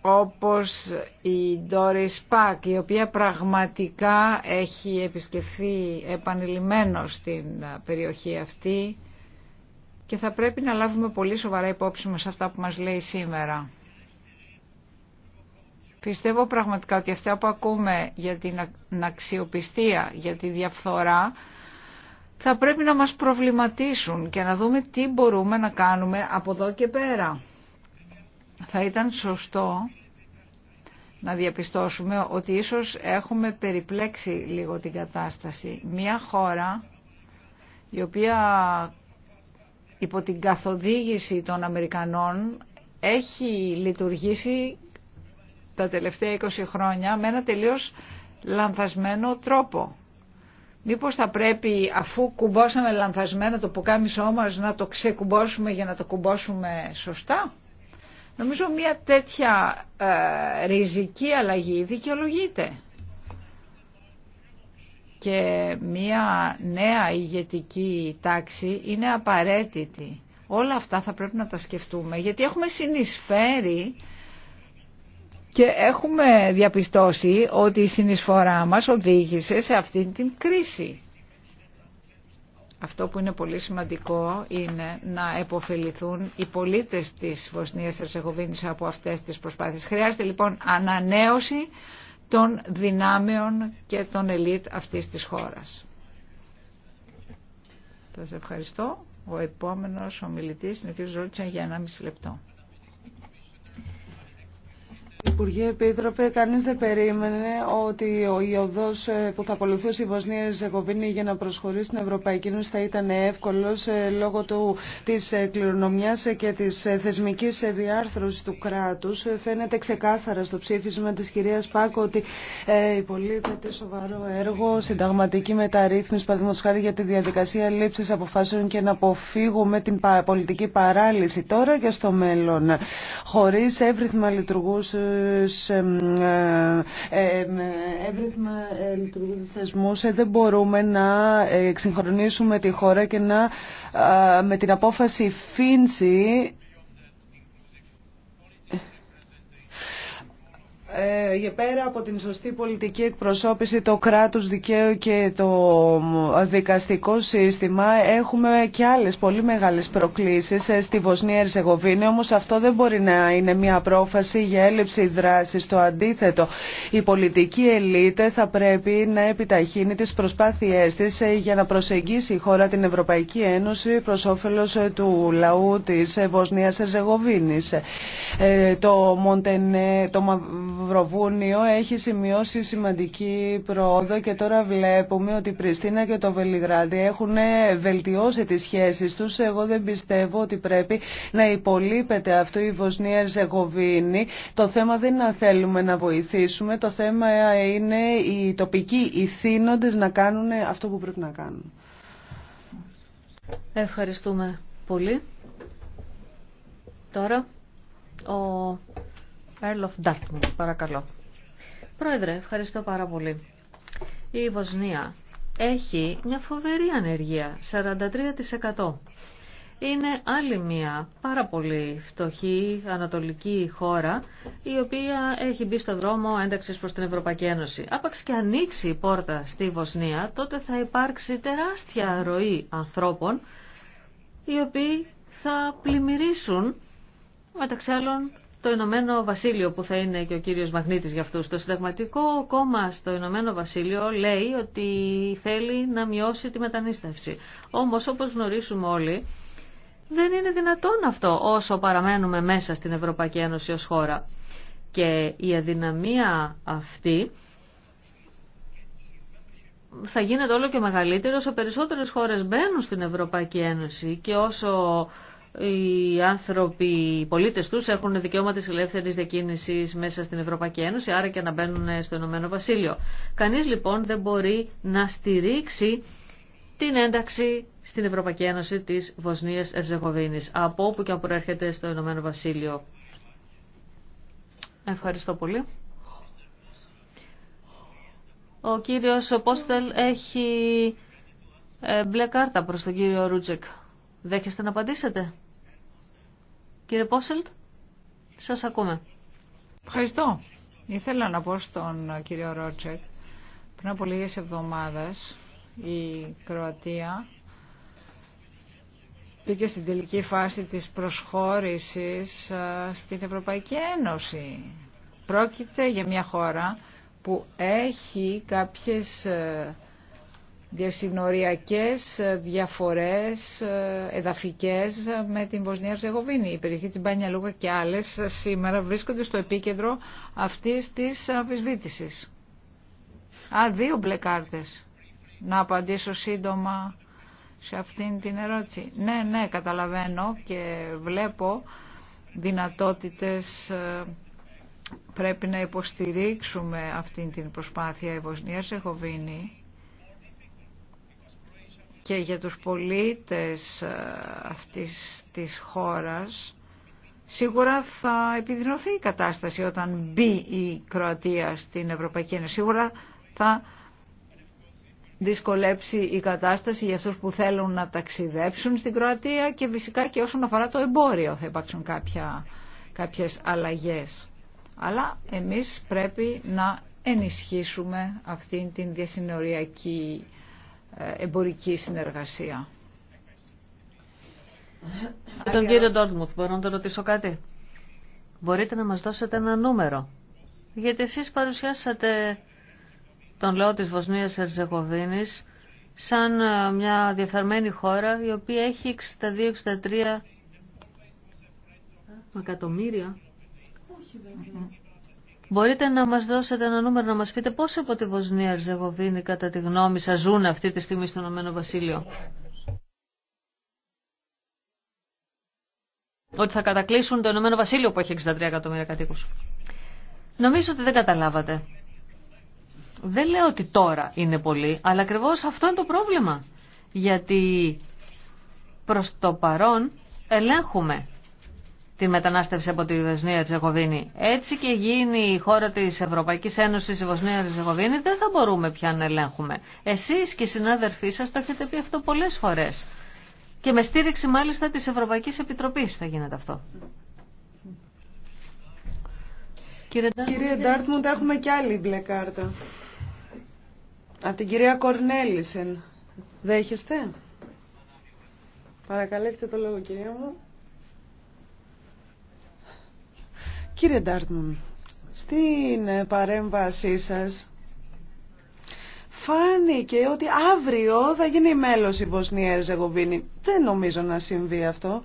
[SPEAKER 1] όπως η Ντόρι Πακ, η οποία πραγματικά έχει επισκεφθεί επανειλημμένο στην περιοχή αυτή και θα πρέπει να λάβουμε πολύ σοβαρά υπόψη μας αυτά που μας λέει σήμερα. Πιστεύω πραγματικά ότι αυτά που ακούμε για την αξιοπιστία, για τη διαφθορά, θα πρέπει να μας προβληματίσουν και να δούμε τι μπορούμε να κάνουμε από εδώ και πέρα. Θα ήταν σωστό να διαπιστώσουμε ότι ίσως έχουμε περιπλέξει λίγο την κατάσταση. Μια χώρα η οποία υπό την καθοδήγηση των Αμερικανών έχει λειτουργήσει τα τελευταία 20 χρόνια με ένα τελείως λανθασμένο τρόπο. Μήπως θα πρέπει αφού κουμπώσαμε λανθασμένο το πουκάμισό μας να το ξεκουμπώσουμε για να το κουμπώσουμε σωστά. Νομίζω μια τέτοια ε, ριζική αλλαγή δικαιολογείται. Και μια νέα ηγετική τάξη είναι απαραίτητη. Όλα αυτά θα πρέπει να τα σκεφτούμε γιατί έχουμε συνεισφέρει και έχουμε διαπιστώσει ότι η συνεισφορά μας οδήγησε σε αυτήν την κρίση. Αυτό που είναι πολύ σημαντικό είναι να επωφεληθούν οι πολίτες της Βοσνίας Ερσεγοβίνης από αυτές τις προσπάθειες. Χρειάζεται λοιπόν ανανέωση των δυνάμεων και των ελίτ αυτής της χώρας. Σας ευχαριστώ. Ο επόμενος ομιλητής είναι ο κ. Ζόλτσα για 1,5 λεπτό.
[SPEAKER 3] Υπουργέ Επίτροπε, κανείς δεν περίμενε ότι η οδός ε, που θα ακολουθούσε η Βοσνία Ζεκοβίνη για να προσχωρήσει στην Ευρωπαϊκή Ένωση θα ήταν εύκολος ε, λόγω του, της ε, κληρονομιάς και της θεσμικής διάρθρωσης του κράτους. Φαίνεται ξεκάθαρα στο ψήφισμα της κυρίας Πάκο ότι υπολείπεται σοβαρό έργο, συνταγματική μεταρρύθμιση, παραδείγματος χάρη για τη διαδικασία λήψης αποφάσεων και να αποφύγουμε την πολιτική παράλυση τώρα και στο μέλλον. Χωρίς εύρυθμα λειτουργούς ε, ε εύρυθμα ε, λειτουργούς θεσμούς ε, δεν μπορούμε να εξυγχρονίσουμε τη χώρα και να με την απόφαση φύνση Ε, πέρα από την σωστή πολιτική εκπροσώπηση, το κράτος δικαίου και το δικαστικό σύστημα έχουμε και άλλες πολύ μεγάλες προκλήσεις ε, στη Βοσνία Ερσεγοβίνη, όμως αυτό δεν μπορεί να είναι μια πρόφαση για έλλειψη δράσης. Το αντίθετο, η πολιτική ελίτε θα πρέπει να επιταχύνει τις προσπάθειές της ε, για να προσεγγίσει η χώρα την Ευρωπαϊκή Ένωση προς όφελος του λαού της Βοσνίας Ερσεγοβίνης. Το Μοντενέ, το Μαυροβούνιο έχει σημειώσει σημαντική πρόοδο και τώρα βλέπουμε ότι η Πριστίνα και το Βελιγράδι έχουν βελτιώσει τις σχέσεις τους. Εγώ δεν πιστεύω ότι πρέπει να υπολείπεται αυτό η Βοσνία Ζεγοβίνη. Το θέμα δεν είναι να θέλουμε να βοηθήσουμε. Το θέμα είναι οι τοπικοί ηθήνοντες να κάνουν αυτό που πρέπει να κάνουν.
[SPEAKER 2] Ευχαριστούμε πολύ. Τώρα ο Earl of Dartmouth, παρακαλώ. Πρόεδρε, ευχαριστώ πάρα πολύ. Η Βοσνία έχει μια φοβερή ανεργία, 43%. Είναι άλλη μια πάρα πολύ φτωχή ανατολική χώρα η οποία έχει μπει στο δρόμο ένταξης προς την Ευρωπαϊκή Ένωση. Άπαξ και ανοίξει η πόρτα στη Βοσνία, τότε θα υπάρξει τεράστια ροή ανθρώπων οι οποίοι θα πλημμυρίσουν μεταξύ άλλων το Ηνωμένο Βασίλειο που θα είναι και ο κύριος Μαγνήτης για αυτούς. Το Συνταγματικό Κόμμα στο Ηνωμένο Βασίλειο λέει ότι θέλει να μειώσει τη μετανίστευση. Όμως όπως γνωρίζουμε όλοι δεν είναι δυνατόν αυτό όσο παραμένουμε μέσα στην Ευρωπαϊκή Ένωση ως χώρα. Και η αδυναμία αυτή θα γίνεται όλο και μεγαλύτερη όσο περισσότερες χώρες μπαίνουν στην Ευρωπαϊκή Ένωση και όσο οι άνθρωποι, οι πολίτε του έχουν δικαίωμα της ελεύθερης διακίνηση μέσα στην Ευρωπαϊκή Ένωση, άρα και να μπαίνουν στο Ηνωμένο Βασίλειο. Κανείς λοιπόν δεν μπορεί να στηρίξει την ένταξη στην Ευρωπαϊκή Ένωση της Βοσνίας Ερζεγοβίνη, από όπου και αν προέρχεται στο Ηνωμένο Βασίλειο. Ευχαριστώ πολύ. Ο κύριος Πόστελ έχει ε, μπλε κάρτα προς τον κύριο Ρούτζεκ. Δέχεστε να απαντήσετε.
[SPEAKER 1] Κύριε Πόσελτ, σας ακούμε. Ευχαριστώ. Ήθελα να πω στον κύριο Ρότσεκ, πριν από λίγες εβδομάδες η Κροατία πήγε στην τελική φάση της προσχώρησης ε, στην Ευρωπαϊκή Ένωση. Πρόκειται για μια χώρα που έχει κάποιες ε, διασυνοριακές διαφορές εδαφικές με την Βοσνία Ζεγοβίνη. Η περιοχή της Μπάνια και άλλες σήμερα βρίσκονται στο επίκεντρο αυτής της αμφισβήτησης. Α, δύο μπλε κάρτες. Να απαντήσω σύντομα σε αυτήν την ερώτηση. Ναι, ναι, καταλαβαίνω και βλέπω δυνατότητες ε, πρέπει να υποστηρίξουμε αυτήν την προσπάθεια η Βοσνία Ζεγοβίνη και για τους πολίτες ε, αυτής της χώρας σίγουρα θα επιδεινωθεί η κατάσταση όταν μπει η Κροατία στην Ευρωπαϊκή Ένωση. Σίγουρα θα δυσκολέψει η κατάσταση για αυτούς που θέλουν να ταξιδέψουν στην Κροατία και φυσικά και όσον αφορά το εμπόριο θα υπάρξουν κάποια, κάποιες αλλαγές. Αλλά εμείς πρέπει να ενισχύσουμε αυτήν την διασυνοριακή ε, εμπορική συνεργασία. Τον κύριο
[SPEAKER 2] Ντόρτμουθ, μπορώ να τον ρωτήσω κάτι. Μπορείτε να μας δώσετε ένα νούμερο. Γιατί εσείς παρουσιάσατε τον λαό της Βοσνίας Ερζεγοβίνης σαν ε, μια διεφθαρμένη χώρα η οποία έχει 62-63 εκατομμύρια. Μπορείτε να μας δώσετε ένα νούμερο να μας πείτε πόσοι από τη Βοσνία Ζεγοβίνη κατά τη γνώμη σας ζουν αυτή τη στιγμή στον Ηνωμένο Βασίλειο. Ότι θα κατακλείσουν το Ηνωμένο Βασίλειο που έχει 63 εκατομμύρια κατοίκους. Νομίζω ότι δεν καταλάβατε. Δεν λέω ότι τώρα είναι πολύ, αλλά ακριβώ αυτό είναι το πρόβλημα. Γιατί προς το παρόν ελέγχουμε την μετανάστευση από τη Βοσνία Τζεγοβίνη. Έτσι και γίνει η χώρα τη Ευρωπαϊκή Ένωση, η Βοσνία Τζεγοβίνη, δεν θα μπορούμε πια να ελέγχουμε. Εσεί και οι συνάδελφοί σα το έχετε πει αυτό πολλέ φορέ. Και με στήριξη μάλιστα τη Ευρωπαϊκή Επιτροπή
[SPEAKER 3] θα γίνεται αυτό. Κύριε, κύριε Ντάρτμουντ, έχουμε και άλλη μπλε κάρτα. Από την κυρία Κορνέλισεν. Δέχεστε. Παρακαλέστε το λόγο, κυρία μου. Κύριε Ντάρτμουν, στην παρέμβασή σας φάνηκε ότι αύριο θα γίνει μέλος η Βοσνία Ερζεγοβίνη. Δεν νομίζω να συμβεί αυτό.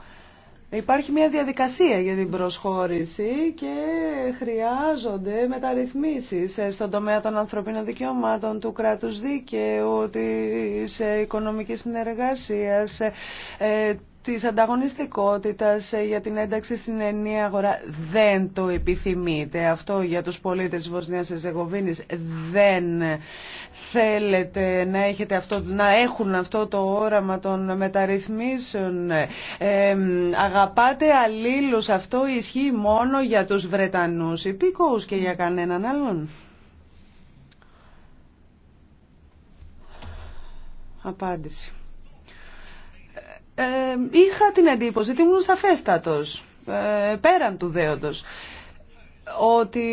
[SPEAKER 3] Υπάρχει μια διαδικασία για την προσχώρηση και χρειάζονται μεταρρυθμίσεις στον τομέα των ανθρωπίνων δικαιωμάτων, του κράτους δίκαιου, της οικονομικής συνεργασίας, ε, Τη ανταγωνιστικότητα ε, για την ένταξη στην ενιαία αγορά δεν το επιθυμείτε. Αυτό για τους πολίτες τη Βοσνίας Ερζεγοβίνη δεν θέλετε να, έχετε αυτό, να έχουν αυτό το όραμα των μεταρρυθμίσεων. Ε, αγαπάτε αλλήλους, αυτό ισχύει μόνο για τους Βρετανούς υπήκοου και για κανέναν άλλον. Απάντηση. Ε, είχα την εντύπωση ότι ήμουν σαφέστατος, ε, πέραν του δέοντος, ότι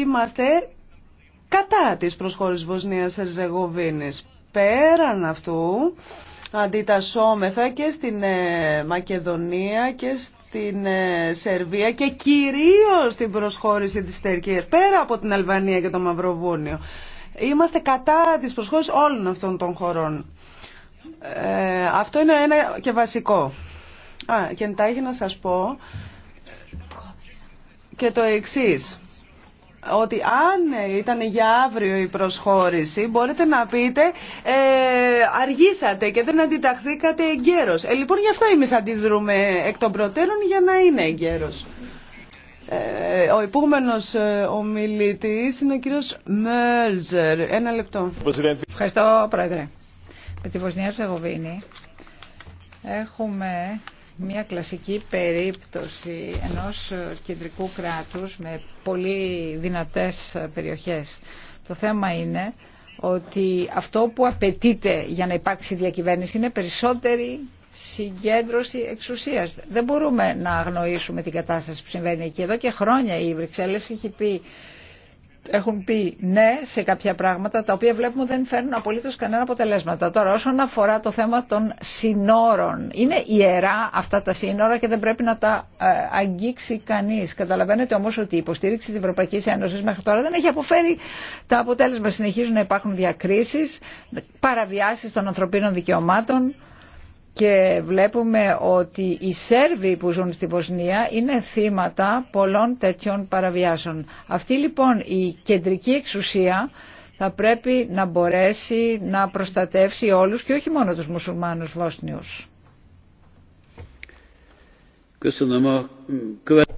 [SPEAKER 3] είμαστε κατά της προσχώρησης Βοσνίας Ερζεγοβίνης. Πέραν αυτού αντιτασσόμεθα και στην ε, Μακεδονία και στην Σερβία και κυρίως την προσχώρηση της Τερκίερ, πέρα από την Αλβανία και το Μαυροβούνιο. Είμαστε κατά της προσχώρησης όλων αυτών των χωρών. Ε, αυτό είναι ένα και βασικό. Α, και εντάγει να σας πω και το εξής ότι αν ήταν για αύριο η προσχώρηση μπορείτε να πείτε ε, αργήσατε και δεν αντιταχθήκατε εγκαίρως. Ε, λοιπόν γι' αυτό εμείς αντιδρούμε εκ των προτέρων για να είναι εγκαίρως. Ε, ο επόμενο ε, ομιλητή είναι ο κύριος Μέλτζερ. Ένα λεπτό. Ευχαριστώ πρόεδρε
[SPEAKER 1] με τη Βοσνία έχουμε μια κλασική περίπτωση ενός κεντρικού κράτους με πολύ δυνατές περιοχές. Το θέμα είναι ότι αυτό που απαιτείται για να υπάρξει διακυβέρνηση είναι περισσότερη συγκέντρωση εξουσίας. Δεν μπορούμε να αγνοήσουμε την κατάσταση που συμβαίνει εκεί. Εδώ και χρόνια η Βρυξέλλες έχει πει έχουν πει ναι σε κάποια πράγματα τα οποία βλέπουμε δεν φέρνουν απολύτως κανένα αποτελέσματα. Τώρα όσον αφορά το θέμα των συνόρων, είναι ιερά αυτά τα σύνορα και δεν πρέπει να τα ε, αγγίξει κανείς. Καταλαβαίνετε όμως ότι η υποστήριξη της Ευρωπαϊκής Ένωσης μέχρι τώρα δεν έχει αποφέρει τα αποτέλεσμα. Συνεχίζουν να υπάρχουν διακρίσεις, παραβιάσεις των ανθρωπίνων δικαιωμάτων και βλέπουμε ότι οι Σέρβοι που ζουν στη Βοσνία είναι θύματα πολλών τέτοιων παραβιάσεων. Αυτή λοιπόν η κεντρική εξουσία θα πρέπει να μπορέσει να προστατεύσει όλους και όχι μόνο τους μουσουλμάνους Βόσνιους.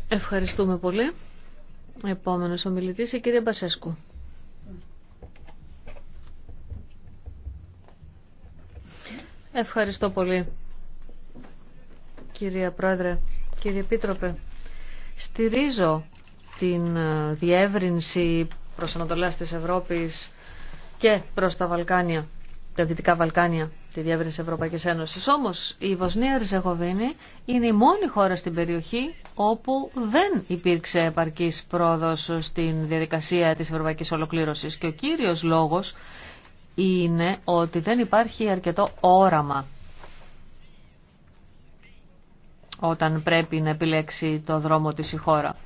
[SPEAKER 2] Ευχαριστούμε πολύ. Επόμενος ομιλητής η κυρία Μπασέσκου. Ευχαριστώ πολύ, κυρία Πρόεδρε, κύριε Επίτροπε. Στηρίζω την ε, διεύρυνση προς Ανατολάς της Ευρώπης και προς τα Βαλκάνια, τα Δυτικά Βαλκάνια, τη διεύρυνση της Ευρωπαϊκής Ένωσης. Όμως η Βοσνία Ριζεγοβίνη είναι η μόνη χώρα στην περιοχή όπου δεν υπήρξε επαρκής πρόοδος στην διαδικασία της Ευρωπαϊκής Ολοκλήρωσης και ο κύριος λόγος είναι ότι δεν υπάρχει αρκετό όραμα όταν πρέπει να επιλέξει το δρόμο της η χώρα.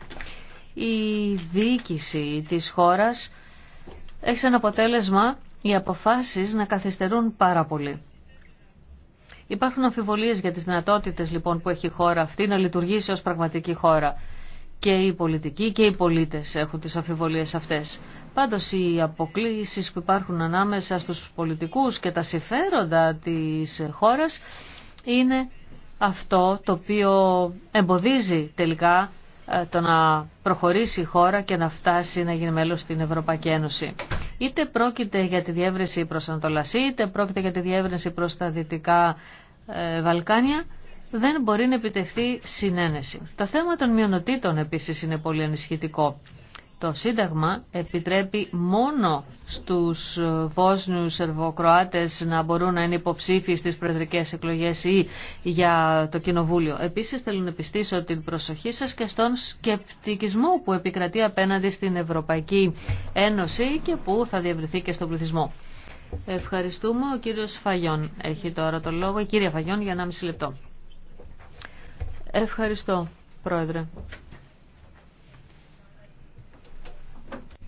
[SPEAKER 2] Η διοίκηση της χώρας έχει σαν αποτέλεσμα οι αποφάσεις να καθυστερούν πάρα πολύ. Υπάρχουν αμφιβολίες για τις δυνατότητες λοιπόν που έχει η χώρα αυτή να λειτουργήσει ως πραγματική χώρα. Και οι πολιτικοί και οι πολίτες έχουν τις αμφιβολίες αυτές. Πάντως οι αποκλήσεις που υπάρχουν ανάμεσα στους πολιτικούς και τα συμφέροντα της χώρας είναι αυτό το οποίο εμποδίζει τελικά ε, το να προχωρήσει η χώρα και να φτάσει να γίνει μέλος στην Ευρωπαϊκή Ένωση. Είτε πρόκειται για τη διεύρυνση προς Ανατολασί, είτε πρόκειται για τη διεύρυνση προς τα Δυτικά ε, Βαλκάνια, δεν μπορεί να επιτευχθεί συνένεση. Το θέμα των μειονοτήτων επίσης είναι πολύ ανισχυτικό. Το Σύνταγμα επιτρέπει μόνο στους Βόσνιους Σερβοκροάτες να μπορούν να είναι υποψήφιοι στις προεδρικές εκλογές ή για το Κοινοβούλιο. Επίσης θέλω να πιστήσω την προσοχή σας και στον σκεπτικισμό που επικρατεί απέναντι στην Ευρωπαϊκή Ένωση και που θα διευρυθεί και στον πληθυσμό. Ευχαριστούμε. Ο κύριος Φαγιόν έχει τώρα το λόγο. Η κυρία Φαγιόν για 1,5 λεπτό. Ευχαριστώ, Πρόεδρε.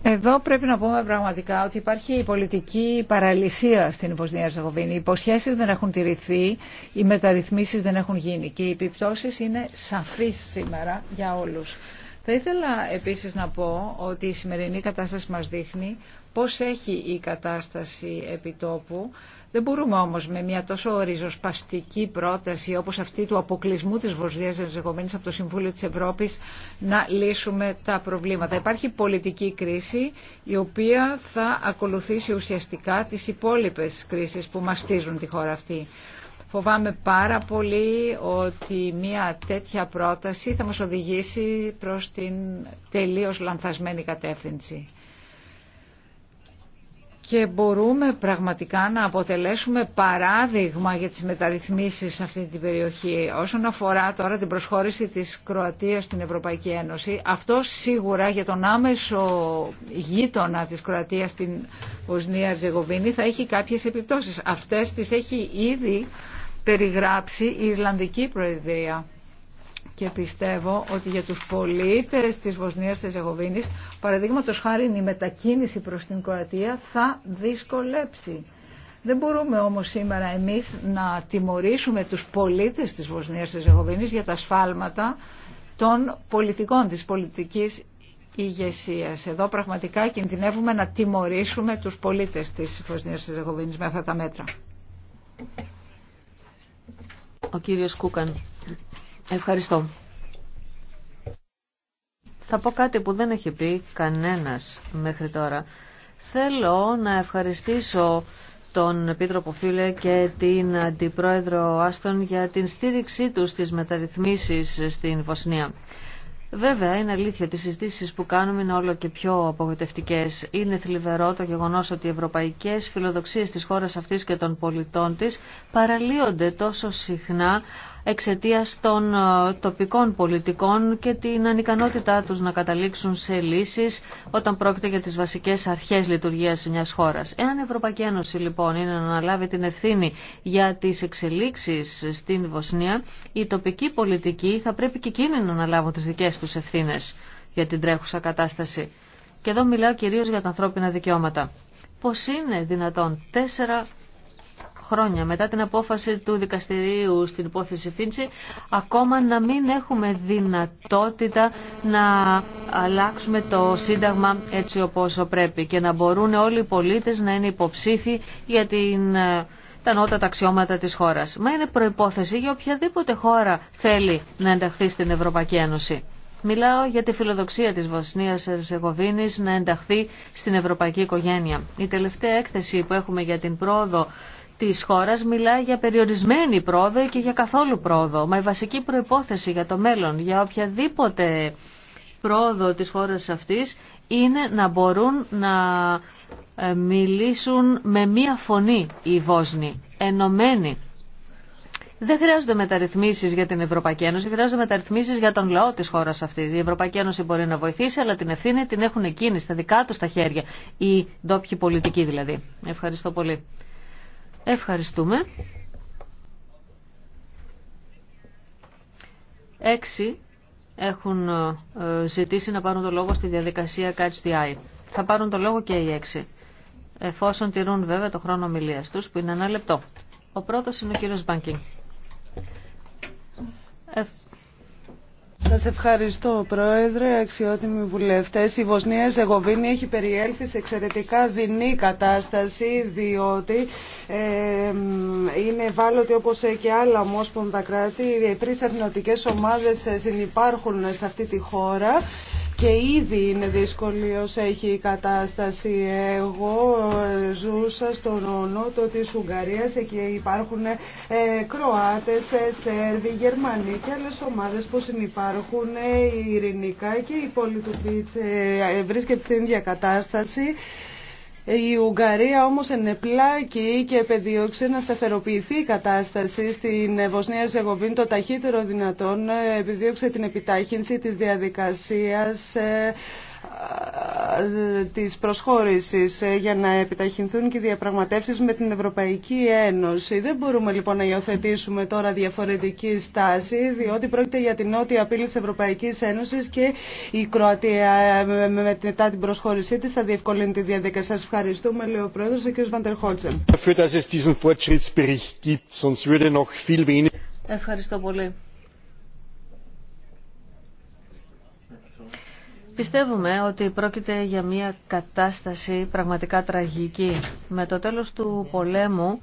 [SPEAKER 1] Εδώ πρέπει να πούμε πραγματικά ότι υπάρχει η πολιτική παραλυσία στην Βοσνία Ριζαγοβίνη. Οι υποσχέσει δεν έχουν τηρηθεί, οι μεταρρυθμίσεις δεν έχουν γίνει και οι επιπτώσεις είναι σαφείς σήμερα για όλους. Θα ήθελα επίσης να πω ότι η σημερινή κατάσταση μας δείχνει πώς έχει η κατάσταση επιτόπου δεν μπορούμε όμως με μια τόσο ριζοσπαστική πρόταση όπως αυτή του αποκλεισμού της βοσδίας Ερζεγοβίνης από το Συμβούλιο της Ευρώπης να λύσουμε τα προβλήματα. Υπάρχει πολιτική κρίση η οποία θα ακολουθήσει ουσιαστικά τις υπόλοιπες κρίσεις που μαστίζουν τη χώρα αυτή. Φοβάμαι πάρα πολύ ότι μια τέτοια πρόταση θα μας οδηγήσει προς την τελείως λανθασμένη κατεύθυνση και μπορούμε πραγματικά να αποτελέσουμε παράδειγμα για τις μεταρρυθμίσεις σε αυτή την περιοχή. Όσον αφορά τώρα την προσχώρηση της Κροατίας στην Ευρωπαϊκή Ένωση, αυτό σίγουρα για τον άμεσο γείτονα της Κροατίας στην Βοσνία Ριζεγοβίνη, θα έχει κάποιες επιπτώσεις. Αυτές τις έχει ήδη περιγράψει η Ιρλανδική Προεδρία και πιστεύω ότι για τους πολίτες της Βοσνίας της Ζεγοβίνης παραδείγματο χάρη η μετακίνηση προς την Κροατία θα δυσκολέψει. Δεν μπορούμε όμως σήμερα εμείς να τιμωρήσουμε τους πολίτες της Βοσνίας της Ζεγοβίνης για τα σφάλματα των πολιτικών της πολιτικής ηγεσίας. Εδώ πραγματικά κινδυνεύουμε να τιμωρήσουμε τους πολίτες της Βοσνίας της Ζεγοβίνης με αυτά τα μέτρα.
[SPEAKER 2] Κούκαν. Ευχαριστώ. Θα πω κάτι που δεν έχει πει κανένας μέχρι τώρα. Θέλω να ευχαριστήσω τον Επίτροπο Φίλε και την Αντιπρόεδρο Άστον για την στήριξή τους στις μεταρρυθμίσεις στην Βοσνία. Βέβαια, είναι αλήθεια ότι οι συζητήσει που κάνουμε είναι όλο και πιο απογοητευτικέ. Είναι θλιβερό το γεγονό ότι οι ευρωπαϊκέ φιλοδοξίε τη χώρα αυτή και των πολιτών τη παραλύονται τόσο συχνά εξαιτία των ε, τοπικών πολιτικών και την ανικανότητά τους να καταλήξουν σε λύσεις όταν πρόκειται για τις βασικές αρχές λειτουργίας μιας χώρας. Εάν η Ευρωπαϊκή Ένωση λοιπόν είναι να αναλάβει την ευθύνη για τις εξελίξεις στην Βοσνία, οι τοπικοί πολιτικοί θα πρέπει και εκείνη να αναλάβουν τις δικές τους ευθύνες για την τρέχουσα κατάσταση. Και εδώ μιλάω κυρίως για τα ανθρώπινα δικαιώματα. Πώς είναι δυνατόν τέσσερα χρόνια μετά την απόφαση του δικαστηρίου στην υπόθεση Φίντσι ακόμα να μην έχουμε δυνατότητα να αλλάξουμε το Σύνταγμα έτσι όπως πρέπει και να μπορούν όλοι οι πολίτες να είναι υποψήφοι για την τα νότατα αξιώματα της χώρας. Μα είναι προϋπόθεση για οποιαδήποτε χώρα θέλει να ενταχθεί στην Ευρωπαϊκή Ένωση. Μιλάω για τη φιλοδοξία της Βοσνίας Ερσεγοβίνης να ενταχθεί στην ευρωπαϊκή οικογένεια. Η τελευταία έκθεση που έχουμε για την πρόοδο της χώρας μιλάει για περιορισμένη πρόοδο και για καθόλου πρόοδο. Μα η βασική προϋπόθεση για το μέλλον, για οποιαδήποτε πρόοδο της χώρας αυτής, είναι να μπορούν να ε, μιλήσουν με μία φωνή οι Βόσνοι, ενωμένοι. Δεν χρειάζονται μεταρρυθμίσεις για την Ευρωπαϊκή Ένωση, χρειάζονται μεταρρυθμίσεις για τον λαό της χώρας αυτή. Η Ευρωπαϊκή Ένωση μπορεί να βοηθήσει, αλλά την ευθύνη την έχουν εκείνοι στα δικά τους τα χέρια, οι ντόπιοι πολιτικοί δηλαδή. Ευχαριστώ πολύ. Ευχαριστούμε. Έξι έχουν ε, ζητήσει να πάρουν το λόγο στη διαδικασία Catch the Eye. Θα πάρουν το λόγο και οι έξι, εφόσον τηρούν βέβαια το χρόνο ομιλία τους, που είναι ένα λεπτό.
[SPEAKER 3] Ο πρώτο είναι ο κύριο Μπάνκινγκ. Ε, σας ευχαριστώ Πρόεδρε, αξιότιμοι βουλευτές. Η Βοσνία Ζεγοβίνη έχει περιέλθει σε εξαιρετικά δεινή κατάσταση διότι ε, είναι ευάλωτη όπως και άλλα ομόσπονδα κράτη. Οι τρεις εθνοτικές ομάδες ε, συνυπάρχουν σε αυτή τη χώρα και ήδη είναι δύσκολη όσο έχει η κατάσταση. Εγώ ε, ζούσα στον νότο της Ουγγαρίας και υπάρχουν ε, Κροάτες, ε, Σέρβοι, Γερμανοί και άλλες ομάδες που οι ειρηνικά και η πόλη του Πίτσε βρίσκεται στην ίδια κατάσταση. Η Ουγγαρία όμως ενεπλάκει και επεδίωξε να σταθεροποιηθεί η κατάσταση στην Βοσνία Ζεγοβίνη το ταχύτερο δυνατόν. Επιδίωξε την επιτάχυνση της διαδικασίας ε, της προσχώρησης ε, για να επιταχυνθούν και οι διαπραγματεύσεις με την Ευρωπαϊκή Ένωση. Δεν μπορούμε λοιπόν να υιοθετήσουμε τώρα διαφορετική στάση, διότι πρόκειται για την νότια απειλή της Ευρωπαϊκής Ένωσης και η Κροατία ε, μετά την προσχώρησή της θα διευκολύνει τη διαδικασία. Σας ευχαριστούμε, λέει ο Πρόεδρος, ο κ. Βαντερχότσεν. Ευχαριστώ πολύ.
[SPEAKER 2] Πιστεύουμε ότι πρόκειται για μια κατάσταση πραγματικά τραγική. Με το τέλος του πολέμου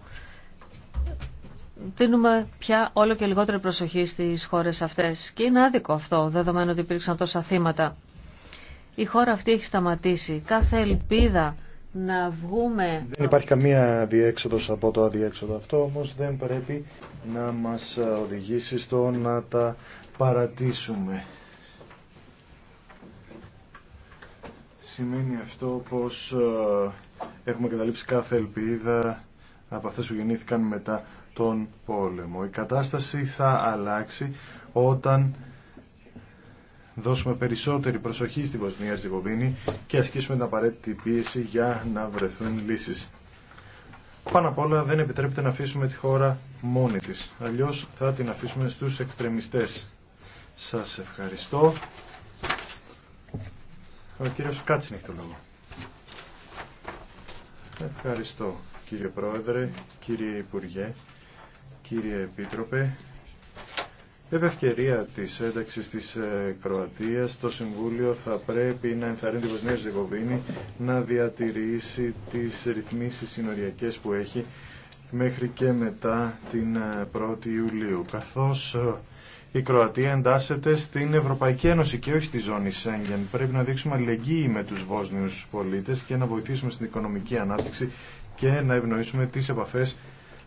[SPEAKER 2] δίνουμε πια όλο και λιγότερη προσοχή στις χώρες αυτές. Και είναι άδικο αυτό, δεδομένου ότι υπήρξαν τόσα θύματα. Η χώρα αυτή έχει σταματήσει. Κάθε ελπίδα να βγούμε... Δεν
[SPEAKER 4] υπάρχει καμία διέξοδος από το αδιέξοδο. Αυτό όμως δεν πρέπει να μας οδηγήσει στο να τα παρατήσουμε. Σημαίνει αυτό πως ε, έχουμε καταλήψει κάθε ελπίδα από αυτές που γεννήθηκαν μετά τον πόλεμο. Η κατάσταση θα αλλάξει όταν δώσουμε περισσότερη προσοχή στην Βοσνία Ζηγοβίνη και ασκήσουμε την απαραίτητη πίεση για να βρεθούν λύσεις. Πάνω απ' όλα δεν επιτρέπεται να αφήσουμε τη χώρα μόνη της. Αλλιώς θα την αφήσουμε στους εξτρεμιστές. Σας ευχαριστώ. Ο κύριος Κάτσιν έχει το λόγο. Ευχαριστώ κύριε Πρόεδρε, κύριε Υπουργέ, κύριε Επίτροπε. Επ' ευκαιρία της ένταξης της ε, Κροατίας, το Συμβούλιο θα πρέπει να ενθαρρύνει την Βοσνία Ζεγοβίνη να διατηρήσει τις ρυθμίσεις συνοριακές που έχει μέχρι και μετά την 1η ε, Ιουλίου, καθώς ε, η Κροατία εντάσσεται στην Ευρωπαϊκή Ένωση και όχι στη ζώνη Σέγγεν. Πρέπει να δείξουμε αλληλεγγύη με τους Βόσνιους πολίτες και να βοηθήσουμε στην οικονομική ανάπτυξη και να ευνοήσουμε τις επαφές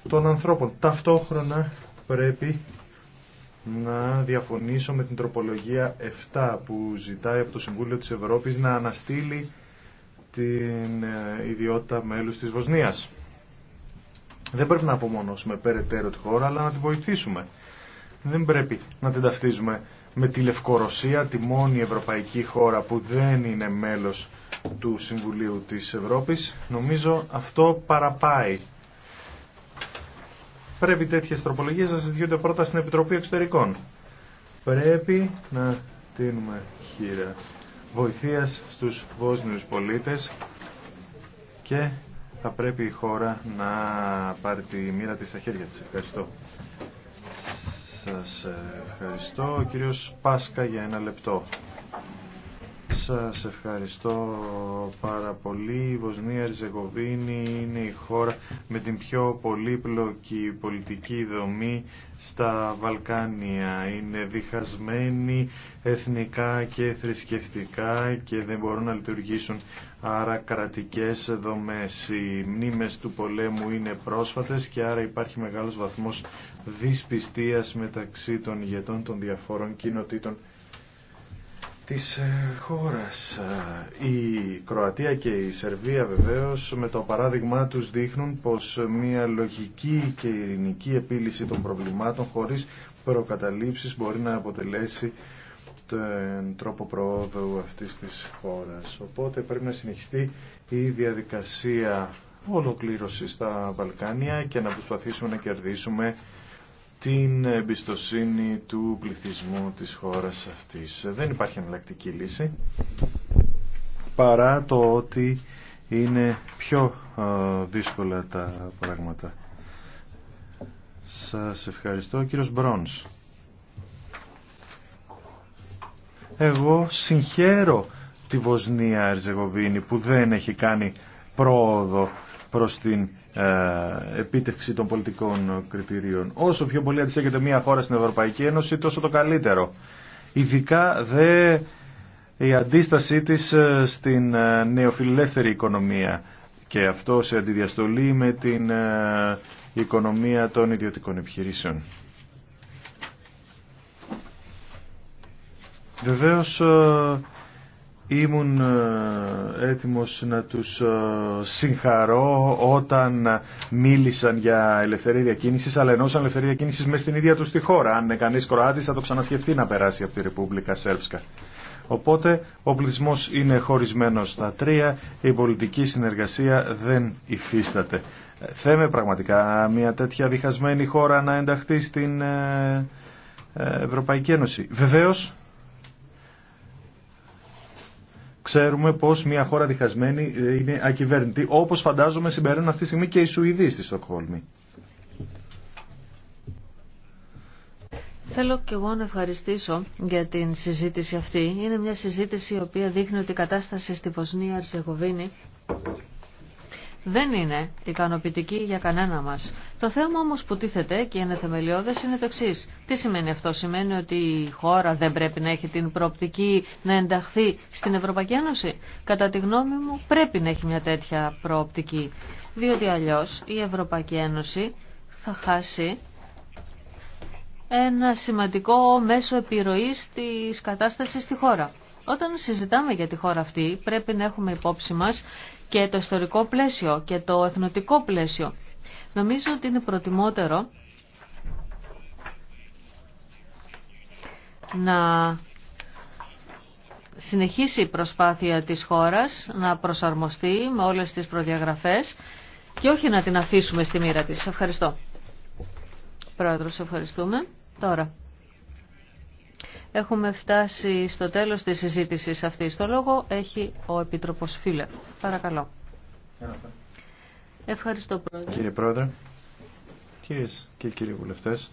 [SPEAKER 4] των ανθρώπων. Ταυτόχρονα πρέπει να διαφωνήσω με την τροπολογία 7 που ζητάει από το Συμβούλιο της Ευρώπης να αναστείλει την ε, ιδιότητα μέλους της Βοσνίας. Δεν πρέπει να απομονώσουμε περαιτέρω τη χώρα, αλλά να τη βοηθήσουμε δεν πρέπει να την ταυτίζουμε με τη Λευκορωσία, τη μόνη ευρωπαϊκή χώρα που δεν είναι μέλος του Συμβουλίου της Ευρώπης. Νομίζω αυτό παραπάει. Πρέπει τέτοιες τροπολογίες να συζητιούνται πρώτα στην Επιτροπή Εξωτερικών. Πρέπει να τίνουμε χείρα βοηθείας στους Βόσνιους πολίτες και θα πρέπει η χώρα να πάρει τη μοίρα της στα χέρια της. Ευχαριστώ. Σας ε, ευχαριστώ. Ο κύριος Πάσκα για ένα λεπτό. Σας ευχαριστώ πάρα πολύ. Η Βοσνία Ριζεγοβίνη είναι η χώρα με την πιο πολύπλοκη πολιτική δομή στα Βαλκάνια. Είναι διχασμένη εθνικά και θρησκευτικά και δεν μπορούν να λειτουργήσουν άρα κρατικές δομές. Οι μνήμες του πολέμου είναι πρόσφατες και άρα υπάρχει μεγάλος βαθμός δυσπιστίας μεταξύ των ηγετών των διαφόρων κοινοτήτων της ε, χώρας. Ε, η Κροατία και η Σερβία βεβαίως με το παράδειγμα τους δείχνουν πως μια λογική και ειρηνική επίλυση των προβλημάτων χωρίς προκαταλήψεις μπορεί να αποτελέσει τον τρόπο προόδου αυτής της χώρας. Οπότε πρέπει να συνεχιστεί η διαδικασία ολοκλήρωσης στα Βαλκάνια και να προσπαθήσουμε να κερδίσουμε την εμπιστοσύνη του πληθυσμού της χώρας αυτής. Δεν υπάρχει εναλλακτική λύση παρά το ότι είναι πιο δύσκολα τα πράγματα. Σας ευχαριστώ. κύριος Μπρόνς. Εγώ συγχαίρω τη Βοσνία Ερζεγοβίνη που δεν έχει κάνει πρόοδο προς την ε, επίτευξη των πολιτικών κριτηρίων. Όσο πιο πολύ αντισέκεται μια χώρα στην Ευρωπαϊκή Ένωση, τόσο το καλύτερο. Ειδικά δε η αντίστασή της ε, στην ε, νεοφιλελεύθερη οικονομία και αυτό σε αντιδιαστολή με την οικονομία των ιδιωτικών επιχειρήσεων. Βεβαίως ήμουν ε, έτοιμος να τους ε, συγχαρώ όταν μίλησαν για ελευθερία διακίνησης, αλλά ενώσαν ελευθερία διακίνησης μέσα στην ίδια τους τη χώρα. Αν είναι κανείς Κροάτης θα το ξανασκεφτεί να περάσει από τη Ρεπούμπλικα Σέρβσκα. Οπότε ο πληθυσμό είναι χωρισμένος στα τρία, η πολιτική συνεργασία δεν υφίσταται. Θέμε πραγματικά μια τέτοια διχασμένη χώρα να ενταχθεί στην ε, Ευρωπαϊκή Ένωση. Βεβαίως Ξέρουμε πω μια χώρα διχασμένη ε, είναι ακυβέρνητη, Όπω φαντάζομαι συμπεραίνουν αυτή τη στιγμή και οι Σουηδοί στη Στοκχόλμη.
[SPEAKER 2] Θέλω και εγώ να ευχαριστήσω για την συζήτηση αυτή. Είναι μια συζήτηση η οποία δείχνει ότι η κατάσταση στη Βοσνία Ερσεγοβίνη δεν είναι ικανοποιητική για κανένα μας. Το θέμα όμως που τίθεται και είναι θεμελιώδες είναι το εξή. Τι σημαίνει αυτό, σημαίνει ότι η χώρα δεν πρέπει να έχει την προοπτική να ενταχθεί στην Ευρωπαϊκή Ένωση. Κατά τη γνώμη μου πρέπει να έχει μια τέτοια προοπτική, διότι αλλιώς η Ευρωπαϊκή Ένωση θα χάσει ένα σημαντικό μέσο επιρροής τη κατάστασης στη χώρα. Όταν συζητάμε για τη χώρα αυτή πρέπει να έχουμε υπόψη μας και το ιστορικό πλαίσιο και το εθνοτικό πλαίσιο. Νομίζω ότι είναι προτιμότερο να συνεχίσει η προσπάθεια της χώρας να προσαρμοστεί με όλες τις προδιαγραφές και όχι να την αφήσουμε στη μοίρα της. Ευχαριστώ. Πρόεδρος, ευχαριστούμε. Τώρα. Έχουμε φτάσει στο τέλος της συζήτησης αυτής. Το λόγο έχει ο Επίτροπος Φίλε. Παρακαλώ. Ευχαριστώ Πρόεδρε.
[SPEAKER 4] Κύριε Πρόεδρε, κυρίες και κύριοι βουλευτές,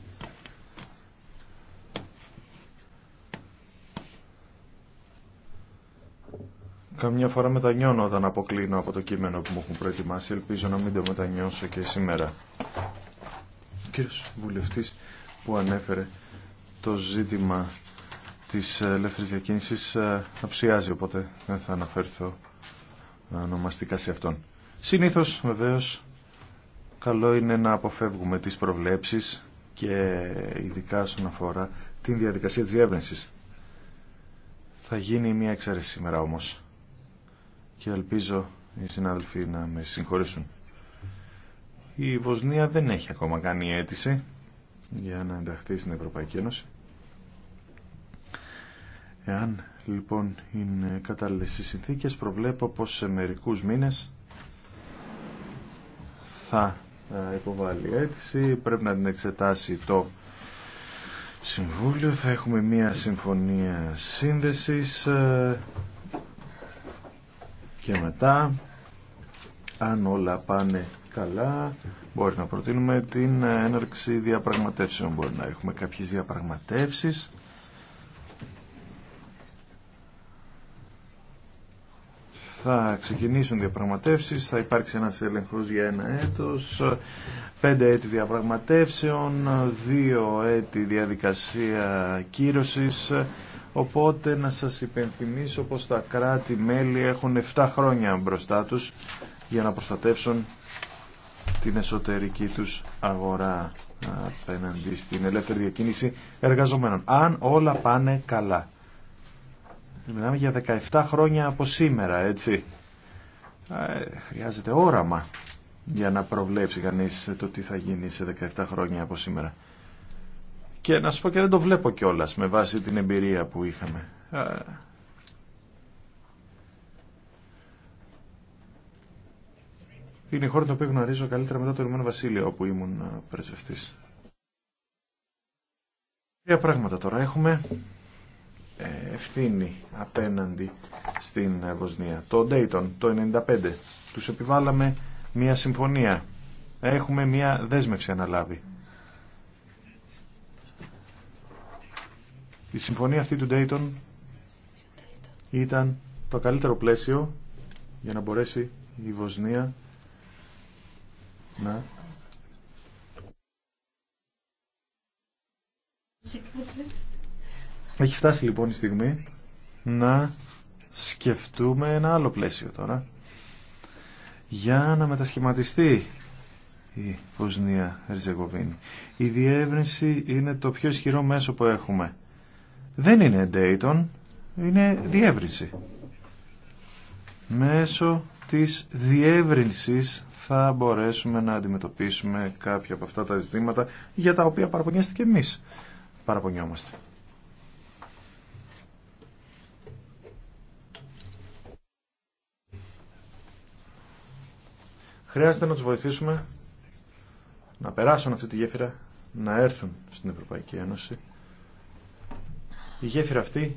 [SPEAKER 4] Καμιά φορά μετανιώνω όταν αποκλίνω από το κείμενο που μου έχουν προετοιμάσει. Ελπίζω να μην το μετανιώσω και σήμερα. Ο κύριος βουλευτής που ανέφερε το ζήτημα της ελεύθερης διακίνησης ε, αψιάζει, οπότε δεν θα αναφέρθω ε, ονομαστικά σε αυτόν. Συνήθως, βεβαίως, καλό είναι να αποφεύγουμε τις προβλέψεις και ειδικά όσον αφορά την διαδικασία της διεύρυνσης. Θα γίνει μια εξαίρεση σήμερα όμως και ελπίζω οι συνάδελφοι να με συγχωρήσουν. Η Βοσνία δεν έχει ακόμα κάνει αίτηση για να ενταχθεί στην Ευρωπαϊκή Ένωση. Εάν λοιπόν είναι κατάλληλες οι συνθήκες, προβλέπω πως σε μερικούς μήνες θα ε, υποβάλει αίτηση, πρέπει να την εξετάσει το Συμβούλιο, θα έχουμε μία συμφωνία σύνδεσης ε, και μετά, αν όλα πάνε καλά, μπορεί να προτείνουμε την έναρξη διαπραγματεύσεων, μπορεί να έχουμε κάποιες διαπραγματεύσεις θα ξεκινήσουν διαπραγματεύσεις, θα υπάρξει ένας έλεγχος για ένα έτος, πέντε έτη διαπραγματεύσεων, δύο έτη διαδικασία κύρωσης, οπότε να σας υπενθυμίσω πως τα κράτη-μέλη έχουν 7 χρόνια μπροστά τους για να προστατεύσουν την εσωτερική τους αγορά ε, απέναντι στην ελεύθερη διακίνηση εργαζομένων. Αν όλα πάνε καλά. Μιλάμε για 17 χρόνια από σήμερα, έτσι. Ε, χρειάζεται όραμα για να προβλέψει κανείς το τι θα γίνει σε 17 χρόνια από σήμερα. Και να σου πω και δεν το βλέπω κιόλας με βάση την εμπειρία που είχαμε. Ε, είναι η χώρα την οποία γνωρίζω καλύτερα μετά το Ηνωμένο Βασίλειο, όπου ήμουν ε, πρεσβευτής. Τρία πράγματα τώρα έχουμε. Ε, ευθύνη απέναντι στην ε, Βοσνία. Το Dayton το 1995 τους επιβάλαμε μια συμφωνία. Έχουμε μια δέσμευση αναλάβει. Η συμφωνία αυτή του Dayton ήταν το καλύτερο πλαίσιο για να μπορέσει η Βοσνία να έχει φτάσει λοιπόν η στιγμή να σκεφτούμε ένα άλλο πλαίσιο τώρα για να μετασχηματιστεί η Βοσνία Ριζεγοβίνη. Η διεύρυνση είναι το πιο ισχυρό μέσο που έχουμε. Δεν είναι Dayton, είναι διεύρυνση. Μέσω της διεύρυνσης θα μπορέσουμε να αντιμετωπίσουμε κάποια από αυτά τα ζητήματα για τα οποία παραπονιέστε και εμείς παραπονιόμαστε. Χρειάζεται να του βοηθήσουμε να περάσουν αυτή τη γέφυρα, να έρθουν στην Ευρωπαϊκή Ένωση. Η γέφυρα αυτή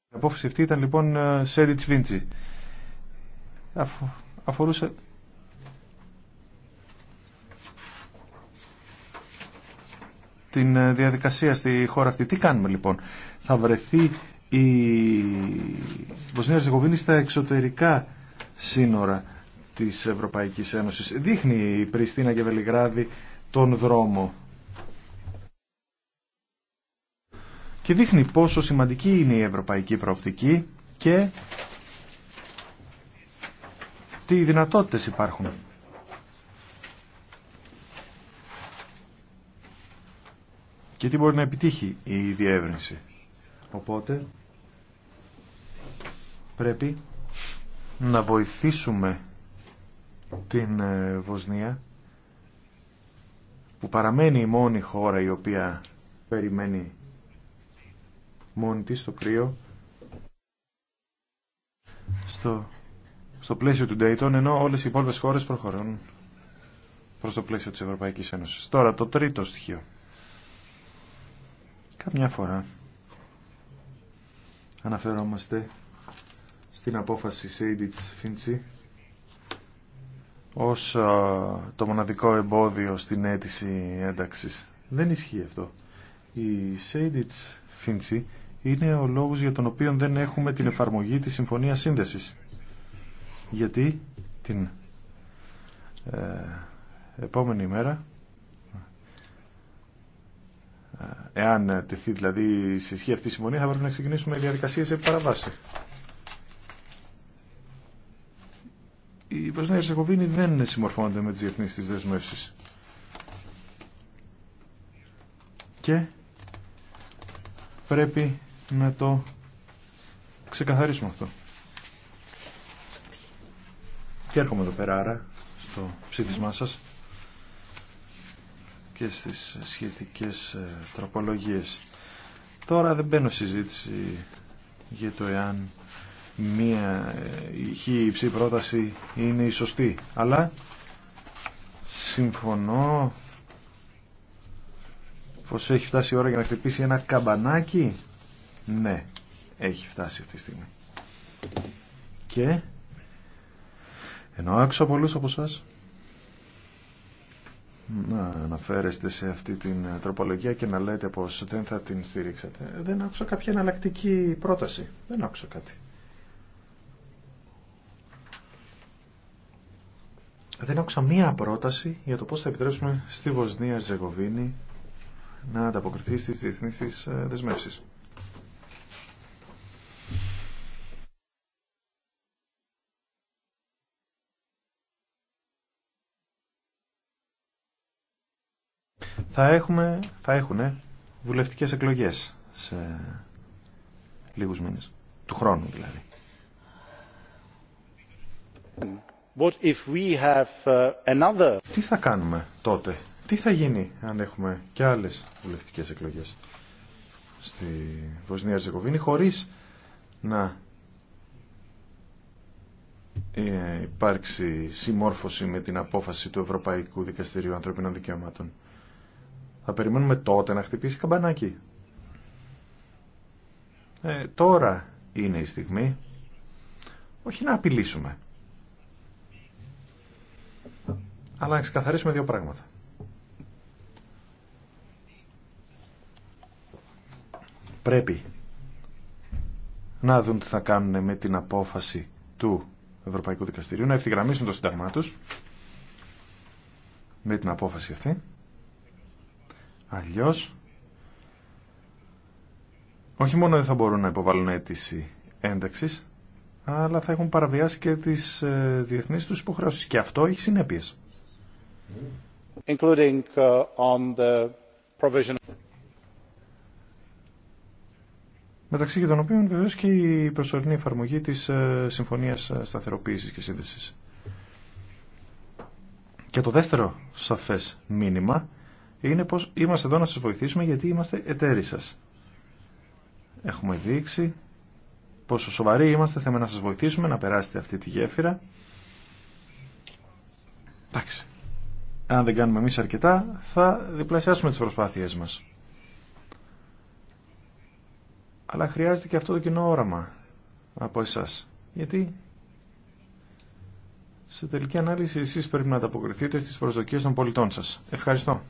[SPEAKER 4] Η απόφαση αυτή ήταν λοιπόν ε, Σέντι Βίντσι. Αφορούσε στην ε, διαδικασία στη χώρα αυτή. Τι κάνουμε λοιπόν. Θα βρεθεί η Βοσνία ζεγοβινη στα εξωτερικά σύνορα της Ευρωπαϊκής Ένωσης. Δείχνει η Πριστίνα και Βελιγράδη τον δρόμο. Και δείχνει πόσο σημαντική είναι η ευρωπαϊκή προοπτική και τι δυνατότητες υπάρχουν. και τι μπορεί να επιτύχει η διεύρυνση. Οπότε πρέπει να βοηθήσουμε την ε, Βοσνία που παραμένει η μόνη χώρα η οποία περιμένει μόνη της στο κρύο στο, στο πλαίσιο του Dayton ενώ όλες οι υπόλοιπες χώρες προχωρούν προς το πλαίσιο της Ευρωπαϊκής Ένωσης. Τώρα το τρίτο στοιχείο. Καμιά φορά αναφερόμαστε στην απόφαση Σέιντιτς Φίντσι ως το μοναδικό εμπόδιο στην αίτηση ένταξης. Δεν ισχύει αυτό. Η Σέιντιτς Φίντσι είναι ο λόγος για τον οποίο δεν έχουμε την εφαρμογή της Συμφωνίας Σύνδεσης. Γιατί την ε, επόμενη μέρα εάν ε, τεθεί δηλαδή σε ισχύ αυτή η συμφωνία θα πρέπει να ξεκινήσουμε διαδικασίες επί παραβάση. Η Βοσνία Ερσεκοβίνη δεν συμμορφώνεται με τις διεθνείς της δεσμεύσεις. Και πρέπει να το ξεκαθαρίσουμε αυτό. Και έρχομαι εδώ πέρα άρα στο ψήφισμά σας και στις σχετικές ε, τροπολογίες. Τώρα δεν μπαίνω συζήτηση για το εάν μία ε, η υψή πρόταση είναι η σωστή. Αλλά συμφωνώ πως έχει φτάσει η ώρα για να χτυπήσει ένα καμπανάκι. Ναι, έχει φτάσει αυτή τη στιγμή. Και ενώ άκουσα πολλούς από εσάς να αναφέρεστε σε αυτή την ε, τροπολογία και να λέτε πως δεν θα την στήριξετε. Ε, δεν άκουσα κάποια εναλλακτική πρόταση. Δεν άκουσα κάτι. Δεν άκουσα μία πρόταση για το πώς θα επιτρέψουμε στη Βοσνία Ζεγοβίνη να ανταποκριθεί στις διεθνείς της ε, δεσμεύσεις. θα, έχουμε, θα έχουν βουλευτικές εκλογές σε λίγους μήνες. Του χρόνου δηλαδή.
[SPEAKER 6] What if we have uh,
[SPEAKER 4] another... Τι θα κάνουμε τότε, τι θα γίνει αν έχουμε και άλλες βουλευτικές εκλογές στη Βοσνία Ζεκοβίνη χωρίς να ε, υπάρξει συμμόρφωση με την απόφαση του Ευρωπαϊκού Δικαστηρίου Ανθρωπίνων Δικαιωμάτων. Θα περιμένουμε τότε να χτυπήσει καμπανάκι. Ε, τώρα είναι η στιγμή όχι να απειλήσουμε αλλά να ξεκαθαρίσουμε δύο πράγματα. Πρέπει να δουν τι θα κάνουν με την απόφαση του Ευρωπαϊκού Δικαστηρίου, να ευθυγραμμίσουν το Σύνταγμά τους με την απόφαση αυτή Αλλιώς, όχι μόνο δεν θα μπορούν να υποβάλουν αίτηση ένταξη, αλλά θα έχουν παραβιάσει και τις ε, διεθνείς τους υποχρεώσεις. Και αυτό έχει συνέπειες. Uh, Μεταξύ και των οποίων βεβαίως και η προσωρινή εφαρμογή της ε, Συμφωνίας ε, Σταθεροποίησης και Σύνδεσης. Και το δεύτερο σαφές μήνυμα είναι πως είμαστε εδώ να σας βοηθήσουμε γιατί είμαστε εταίροι σας. Έχουμε δείξει πόσο σοβαροί είμαστε, θέλουμε να σας βοηθήσουμε να περάσετε αυτή τη γέφυρα. Εντάξει. Αν δεν κάνουμε εμείς αρκετά, θα διπλασιάσουμε τις προσπάθειές μας. Αλλά χρειάζεται και αυτό το κοινό όραμα από εσάς. Γιατί σε τελική ανάλυση εσείς πρέπει να ανταποκριθείτε στις προσδοκίες των πολιτών σας. Ευχαριστώ.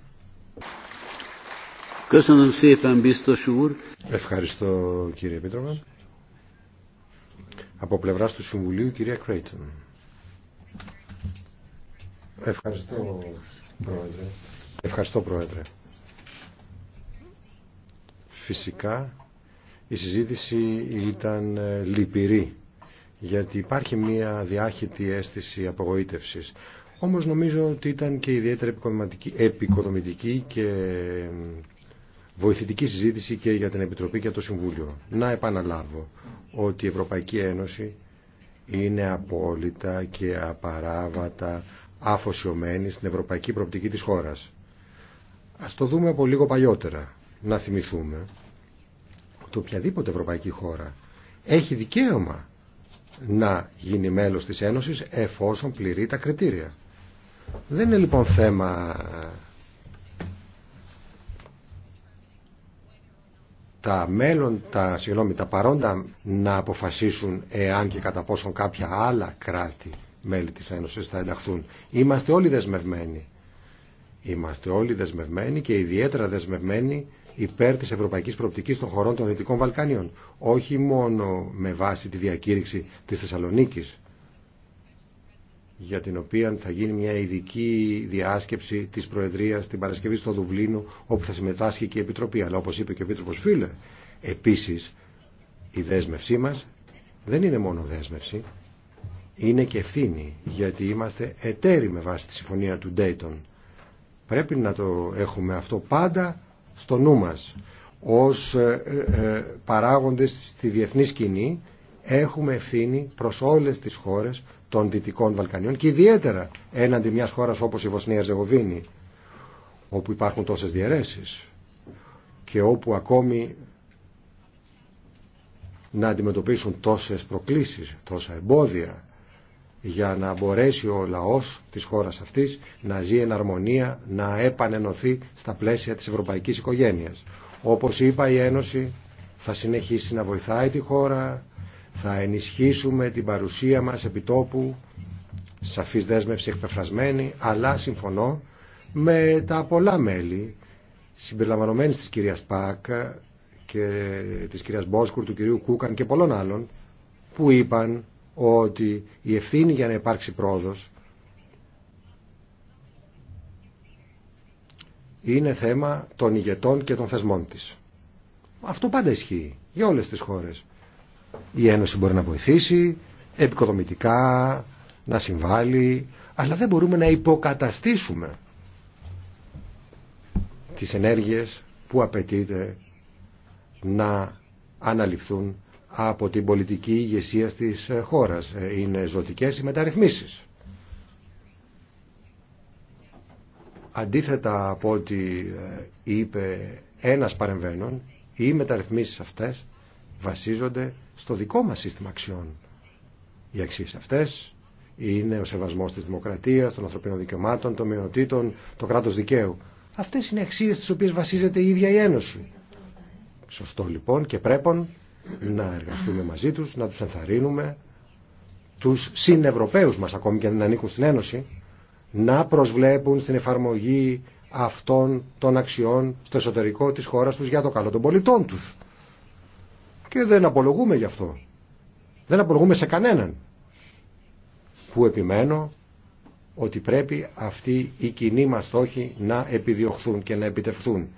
[SPEAKER 6] Ευχαριστώ κύριε Επίτροπε. Από πλευράς του Συμβουλίου, κυρία Κρέιτον. Ευχαριστώ, Πρόεδρε. Ευχαριστώ, Πρόεδρε. Φυσικά, η συζήτηση ήταν ε, λυπηρή, γιατί υπάρχει μια διάχυτη αίσθηση απογοήτευσης. Όμως νομίζω ότι ήταν και ιδιαίτερα επικοδομητική και βοηθητική συζήτηση και για την Επιτροπή και το Συμβούλιο. Να επαναλάβω ότι η Ευρωπαϊκή Ένωση είναι απόλυτα και απαράβατα αφοσιωμένη στην ευρωπαϊκή προοπτική της χώρας. Ας το δούμε από λίγο παλιότερα. Να θυμηθούμε ότι οποιαδήποτε ευρωπαϊκή χώρα έχει δικαίωμα να γίνει μέλος της Ένωσης εφόσον πληρεί τα κριτήρια. Δεν είναι λοιπόν θέμα τα, μέλλον, τα, συγγνώμη, τα παρόντα να αποφασίσουν εάν και κατά πόσον κάποια άλλα κράτη μέλη της Ένωσης θα ενταχθούν. Είμαστε όλοι δεσμευμένοι. Είμαστε όλοι δεσμευμένοι και ιδιαίτερα δεσμευμένοι υπέρ της ευρωπαϊκής προοπτικής των χωρών των Δυτικών Βαλκανίων. Όχι μόνο με βάση τη διακήρυξη της Θεσσαλονίκης για την οποία θα γίνει μια ειδική διάσκεψη της Προεδρίας την Παρασκευή στο Δουβλίνο όπου θα συμμετάσχει και η Επιτροπή. Αλλά όπως είπε και ο Επίτροπο Φίλε, επίσης η δέσμευσή μας δεν είναι μόνο δέσμευση, είναι και ευθύνη γιατί είμαστε εταίροι με βάση τη συμφωνία του Ντέιτον. Πρέπει να το έχουμε αυτό πάντα στο νου μας. Ως ε, ε, ε, παράγοντες στη διεθνή σκηνή έχουμε ευθύνη προς όλες τις χώρες των Δυτικών Βαλκανίων και ιδιαίτερα έναντι μιας χώρας όπως η Βοσνία Ζεγοβίνη όπου υπάρχουν τόσες διαιρέσεις και όπου ακόμη να αντιμετωπίσουν τόσες προκλήσεις, τόσα εμπόδια για να μπορέσει ο λαός της χώρας αυτής να ζει εν αρμονία, να επανενωθεί στα πλαίσια της ευρωπαϊκής οικογένειας. Όπως είπα η Ένωση θα συνεχίσει να βοηθάει τη χώρα θα ενισχύσουμε την παρουσία μας επιτόπου, σαφής δέσμευση εκπεφρασμένη, αλλά συμφωνώ με τα πολλά μέλη συμπεριλαμβανομένης της κυρίας Πακ και της κυρίας Μπόσκουρ, του κυρίου Κούκαν και πολλών άλλων που είπαν ότι η ευθύνη για να υπάρξει πρόοδος είναι θέμα των ηγετών και των θεσμών της. Αυτό πάντα ισχύει για όλες τις χώρες. Η Ένωση μπορεί να βοηθήσει, επικοδομητικά, να συμβάλλει, αλλά δεν μπορούμε να υποκαταστήσουμε τις ενέργειες που απαιτείται να αναλυφθούν από την πολιτική ηγεσία της ε, χώρας. Ε, είναι ζωτικές οι μεταρρυθμίσεις. Αντίθετα από ό,τι ε, είπε ένας παρεμβαίνων, οι μεταρρυθμίσεις αυτές βασίζονται στο δικό μας σύστημα αξιών. Οι αξίες αυτές είναι ο σεβασμός της δημοκρατίας, των ανθρωπίνων δικαιωμάτων, των μειονοτήτων, το κράτος δικαίου. Αυτές είναι αξίες στις οποίες βασίζεται η ίδια η Ένωση. Σωστό λοιπόν και πρέπει να εργαστούμε μαζί τους, να τους ενθαρρύνουμε, τους συνευρωπαίους μας ακόμη και αν ανήκουν στην Ένωση, να προσβλέπουν στην εφαρμογή αυτών των αξιών στο εσωτερικό της χώρας τους για το καλό των πολιτών τους. Και δεν απολογούμε γι' αυτό. Δεν απολογούμε σε κανέναν. Που επιμένω ότι πρέπει αυτοί οι κοινοί μας στόχοι να επιδιωχθούν και να επιτευχθούν.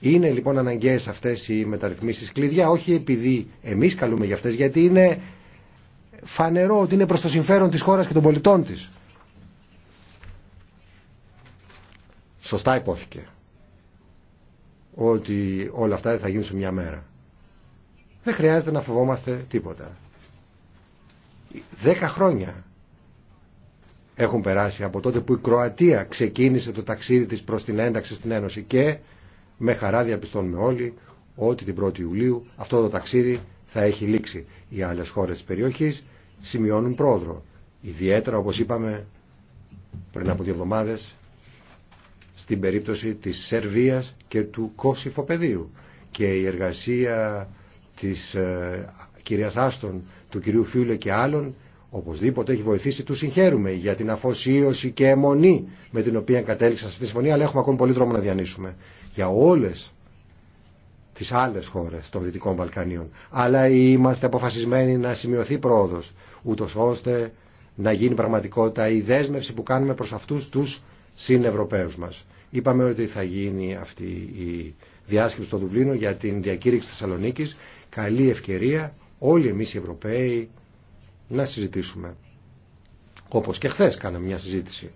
[SPEAKER 6] Είναι λοιπόν αναγκαίες αυτές οι μεταρρυθμίσεις κλειδιά, όχι επειδή εμείς καλούμε για αυτές, γιατί είναι φανερό ότι είναι προς το συμφέρον της χώρας και των πολιτών της. Σωστά υπόθηκε ότι όλα αυτά δεν θα γίνουν σε μια μέρα. Δεν χρειάζεται να φοβόμαστε τίποτα. Δέκα χρόνια έχουν περάσει από τότε που η Κροατία ξεκίνησε το ταξίδι της προς την ένταξη στην Ένωση και με χαρά διαπιστώνουμε όλοι ότι την 1η Ιουλίου αυτό το ταξίδι θα έχει λήξει. Οι άλλες χώρες της περιοχής σημειώνουν πρόοδο. Ιδιαίτερα όπως είπαμε πριν από δύο εβδομάδες στην περίπτωση της Σερβίας και του Κωσυφοπεδίου και η εργασία της ε, κυρίας Άστον, του κυρίου Φιούλε και άλλων οπωσδήποτε έχει βοηθήσει. Του συγχαίρουμε για την αφοσίωση και αιμονή με την οποία κατέληξαν σε αυτή τη συμφωνία, αλλά έχουμε ακόμη πολύ δρόμο να διανύσουμε. Για όλες τις άλλες χώρες των Δυτικών Βαλκανίων. Αλλά είμαστε αποφασισμένοι να σημειωθεί πρόοδος ούτω ώστε να γίνει πραγματικότητα η δέσμευση που κάνουμε προς αυτού τους συνευρωπαίους μας. Είπαμε ότι θα γίνει αυτή η διάσκεψη στο Δουβλίνο για την διακήρυξη Θεσσαλονίκη καλή ευκαιρία όλοι εμείς οι Ευρωπαίοι να συζητήσουμε. Όπως και χθες κάναμε μια συζήτηση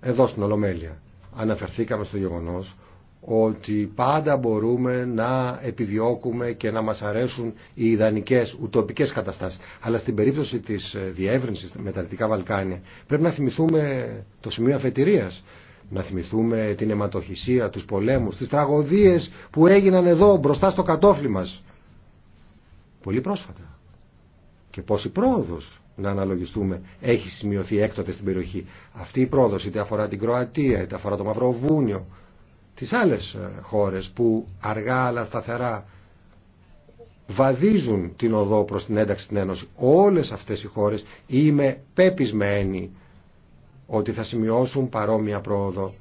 [SPEAKER 6] εδώ στην Ολομέλεια. Αναφερθήκαμε στο γεγονός ότι πάντα μπορούμε να επιδιώκουμε και να μας αρέσουν οι ιδανικές ουτοπικές καταστάσεις. Αλλά στην περίπτωση της διεύρυνσης με τα Δυτικά Βαλκάνια πρέπει να θυμηθούμε το σημείο αφετηρίας να θυμηθούμε την αιματοχυσία, τους πολέμους, τις τραγωδίες που έγιναν εδώ μπροστά στο κατόφλι μας. Πολύ πρόσφατα. Και πόση πρόοδος να αναλογιστούμε έχει σημειωθεί έκτοτε στην περιοχή. Αυτή η πρόοδος είτε αφορά την Κροατία, είτε αφορά το Μαυροβούνιο, τις άλλες ε, χώρες που αργά αλλά σταθερά βαδίζουν την οδό προς την ένταξη στην Ένωση. Όλες αυτές οι χώρες είμαι πεπισμένοι ότι θα σημειώσουν παρόμοια πρόοδο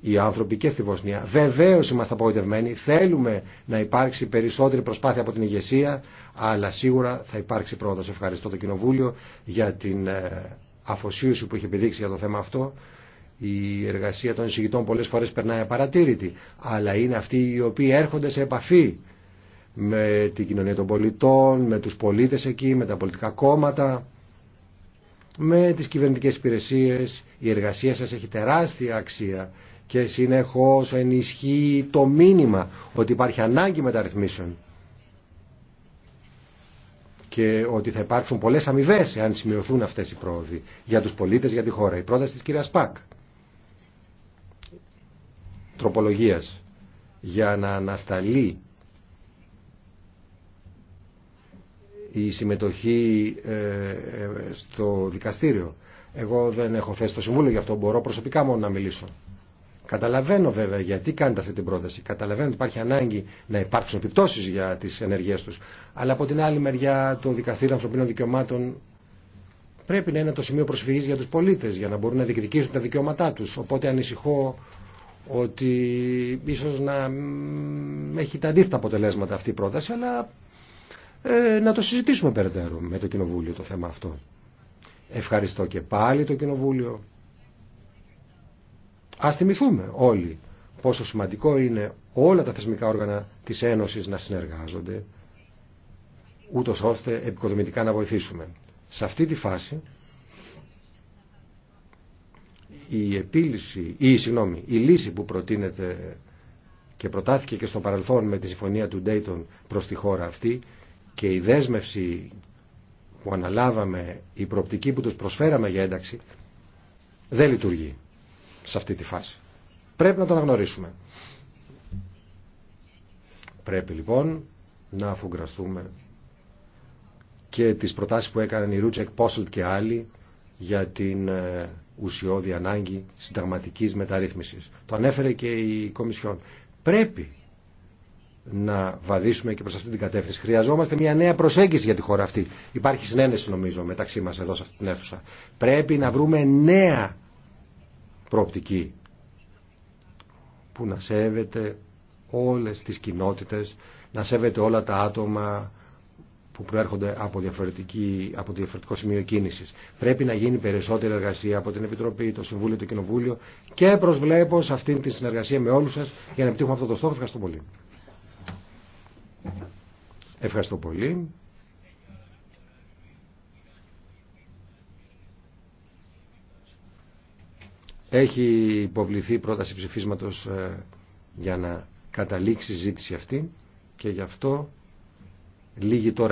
[SPEAKER 6] οι άνθρωποι και στη Βοσνία. Βεβαίω είμαστε απογοητευμένοι. Θέλουμε να υπάρξει περισσότερη προσπάθεια από την ηγεσία, αλλά σίγουρα θα υπάρξει πρόοδο. Ευχαριστώ το Κοινοβούλιο για την ε, αφοσίωση που έχει επιδείξει για το θέμα αυτό. Η εργασία των εισηγητών πολλέ φορέ περνάει απαρατήρητη, αλλά είναι αυτοί οι οποίοι έρχονται σε επαφή με την κοινωνία των πολιτών, με τους πολίτες εκεί, με τα πολιτικά κόμματα με τις κυβερνητικές υπηρεσίες. Η εργασία σας έχει τεράστια αξία και συνεχώς ενισχύει το μήνυμα ότι υπάρχει ανάγκη μεταρρυθμίσεων και ότι θα υπάρξουν πολλές αμοιβέ αν σημειωθούν αυτές οι πρόοδοι για τους πολίτες, για τη χώρα. Η πρόταση της κυρίας Πακ τροπολογίας για να ανασταλεί η συμμετοχή ε, ε, στο δικαστήριο. Εγώ δεν έχω θέση το Συμβούλιο γι' αυτό, μπορώ προσωπικά μόνο να μιλήσω. Καταλαβαίνω βέβαια γιατί κάνετε αυτή την πρόταση. Καταλαβαίνω ότι υπάρχει ανάγκη να υπάρξουν επιπτώσει για τι ενεργέ του. Αλλά από την άλλη μεριά το Δικαστήριο Ανθρωπίνων Δικαιωμάτων πρέπει να είναι το σημείο προσφυγή για του πολίτε για να μπορούν να διεκδικήσουν τα δικαιώματά του. Οπότε ανησυχώ ότι ίσω να έχει τα αντίθετα αποτελέσματα αυτή η πρόταση. Αλλά ε, να το συζητήσουμε περαιτέρω με το Κοινοβούλιο το θέμα αυτό. Ευχαριστώ και πάλι το Κοινοβούλιο. Ας θυμηθούμε όλοι πόσο σημαντικό είναι όλα τα θεσμικά όργανα της Ένωσης να συνεργάζονται ούτω ώστε επικοδομητικά να βοηθήσουμε. Σε αυτή τη φάση η επίλυση, ή συγγνώμη, η λύση που προτείνεται και προτάθηκε και στο παρελθόν με τη συμφωνία του Ντέιτον προς τη χώρα αυτή και η δέσμευση που αναλάβαμε, η προοπτική που τους προσφέραμε για ένταξη, δεν λειτουργεί σε αυτή τη φάση. Πρέπει να το αναγνωρίσουμε. Πρέπει λοιπόν να αφουγκραστούμε και τις προτάσεις που έκαναν οι Ρούτσεκ Πόσελτ και άλλοι για την ε, ουσιώδη ανάγκη συνταγματικής μεταρρύθμισης. Το ανέφερε και η Κομισιόν. Πρέπει να βαδίσουμε και προς αυτή την κατεύθυνση. Χρειαζόμαστε μια νέα προσέγγιση για τη χώρα αυτή. Υπάρχει συνένεση νομίζω μεταξύ μας εδώ σε αυτή την αίθουσα. Πρέπει να βρούμε νέα προοπτική που να σέβεται όλες τις κοινότητες, να σέβεται όλα τα άτομα που προέρχονται από, διαφορετική, από διαφορετικό σημείο κίνηση. Πρέπει να γίνει περισσότερη εργασία από την Επιτροπή, το Συμβούλιο, το Κοινοβούλιο και προσβλέπω σε αυτή τη συνεργασία με όλου σα για να επιτύχουμε αυτό το στόχο. Ευχαριστώ πολύ. Ευχαριστώ πολύ. Έχει υποβληθεί πρόταση ψηφίσματος ε, για να καταλήξει η συζήτηση αυτή και γι' αυτό λίγη τώρα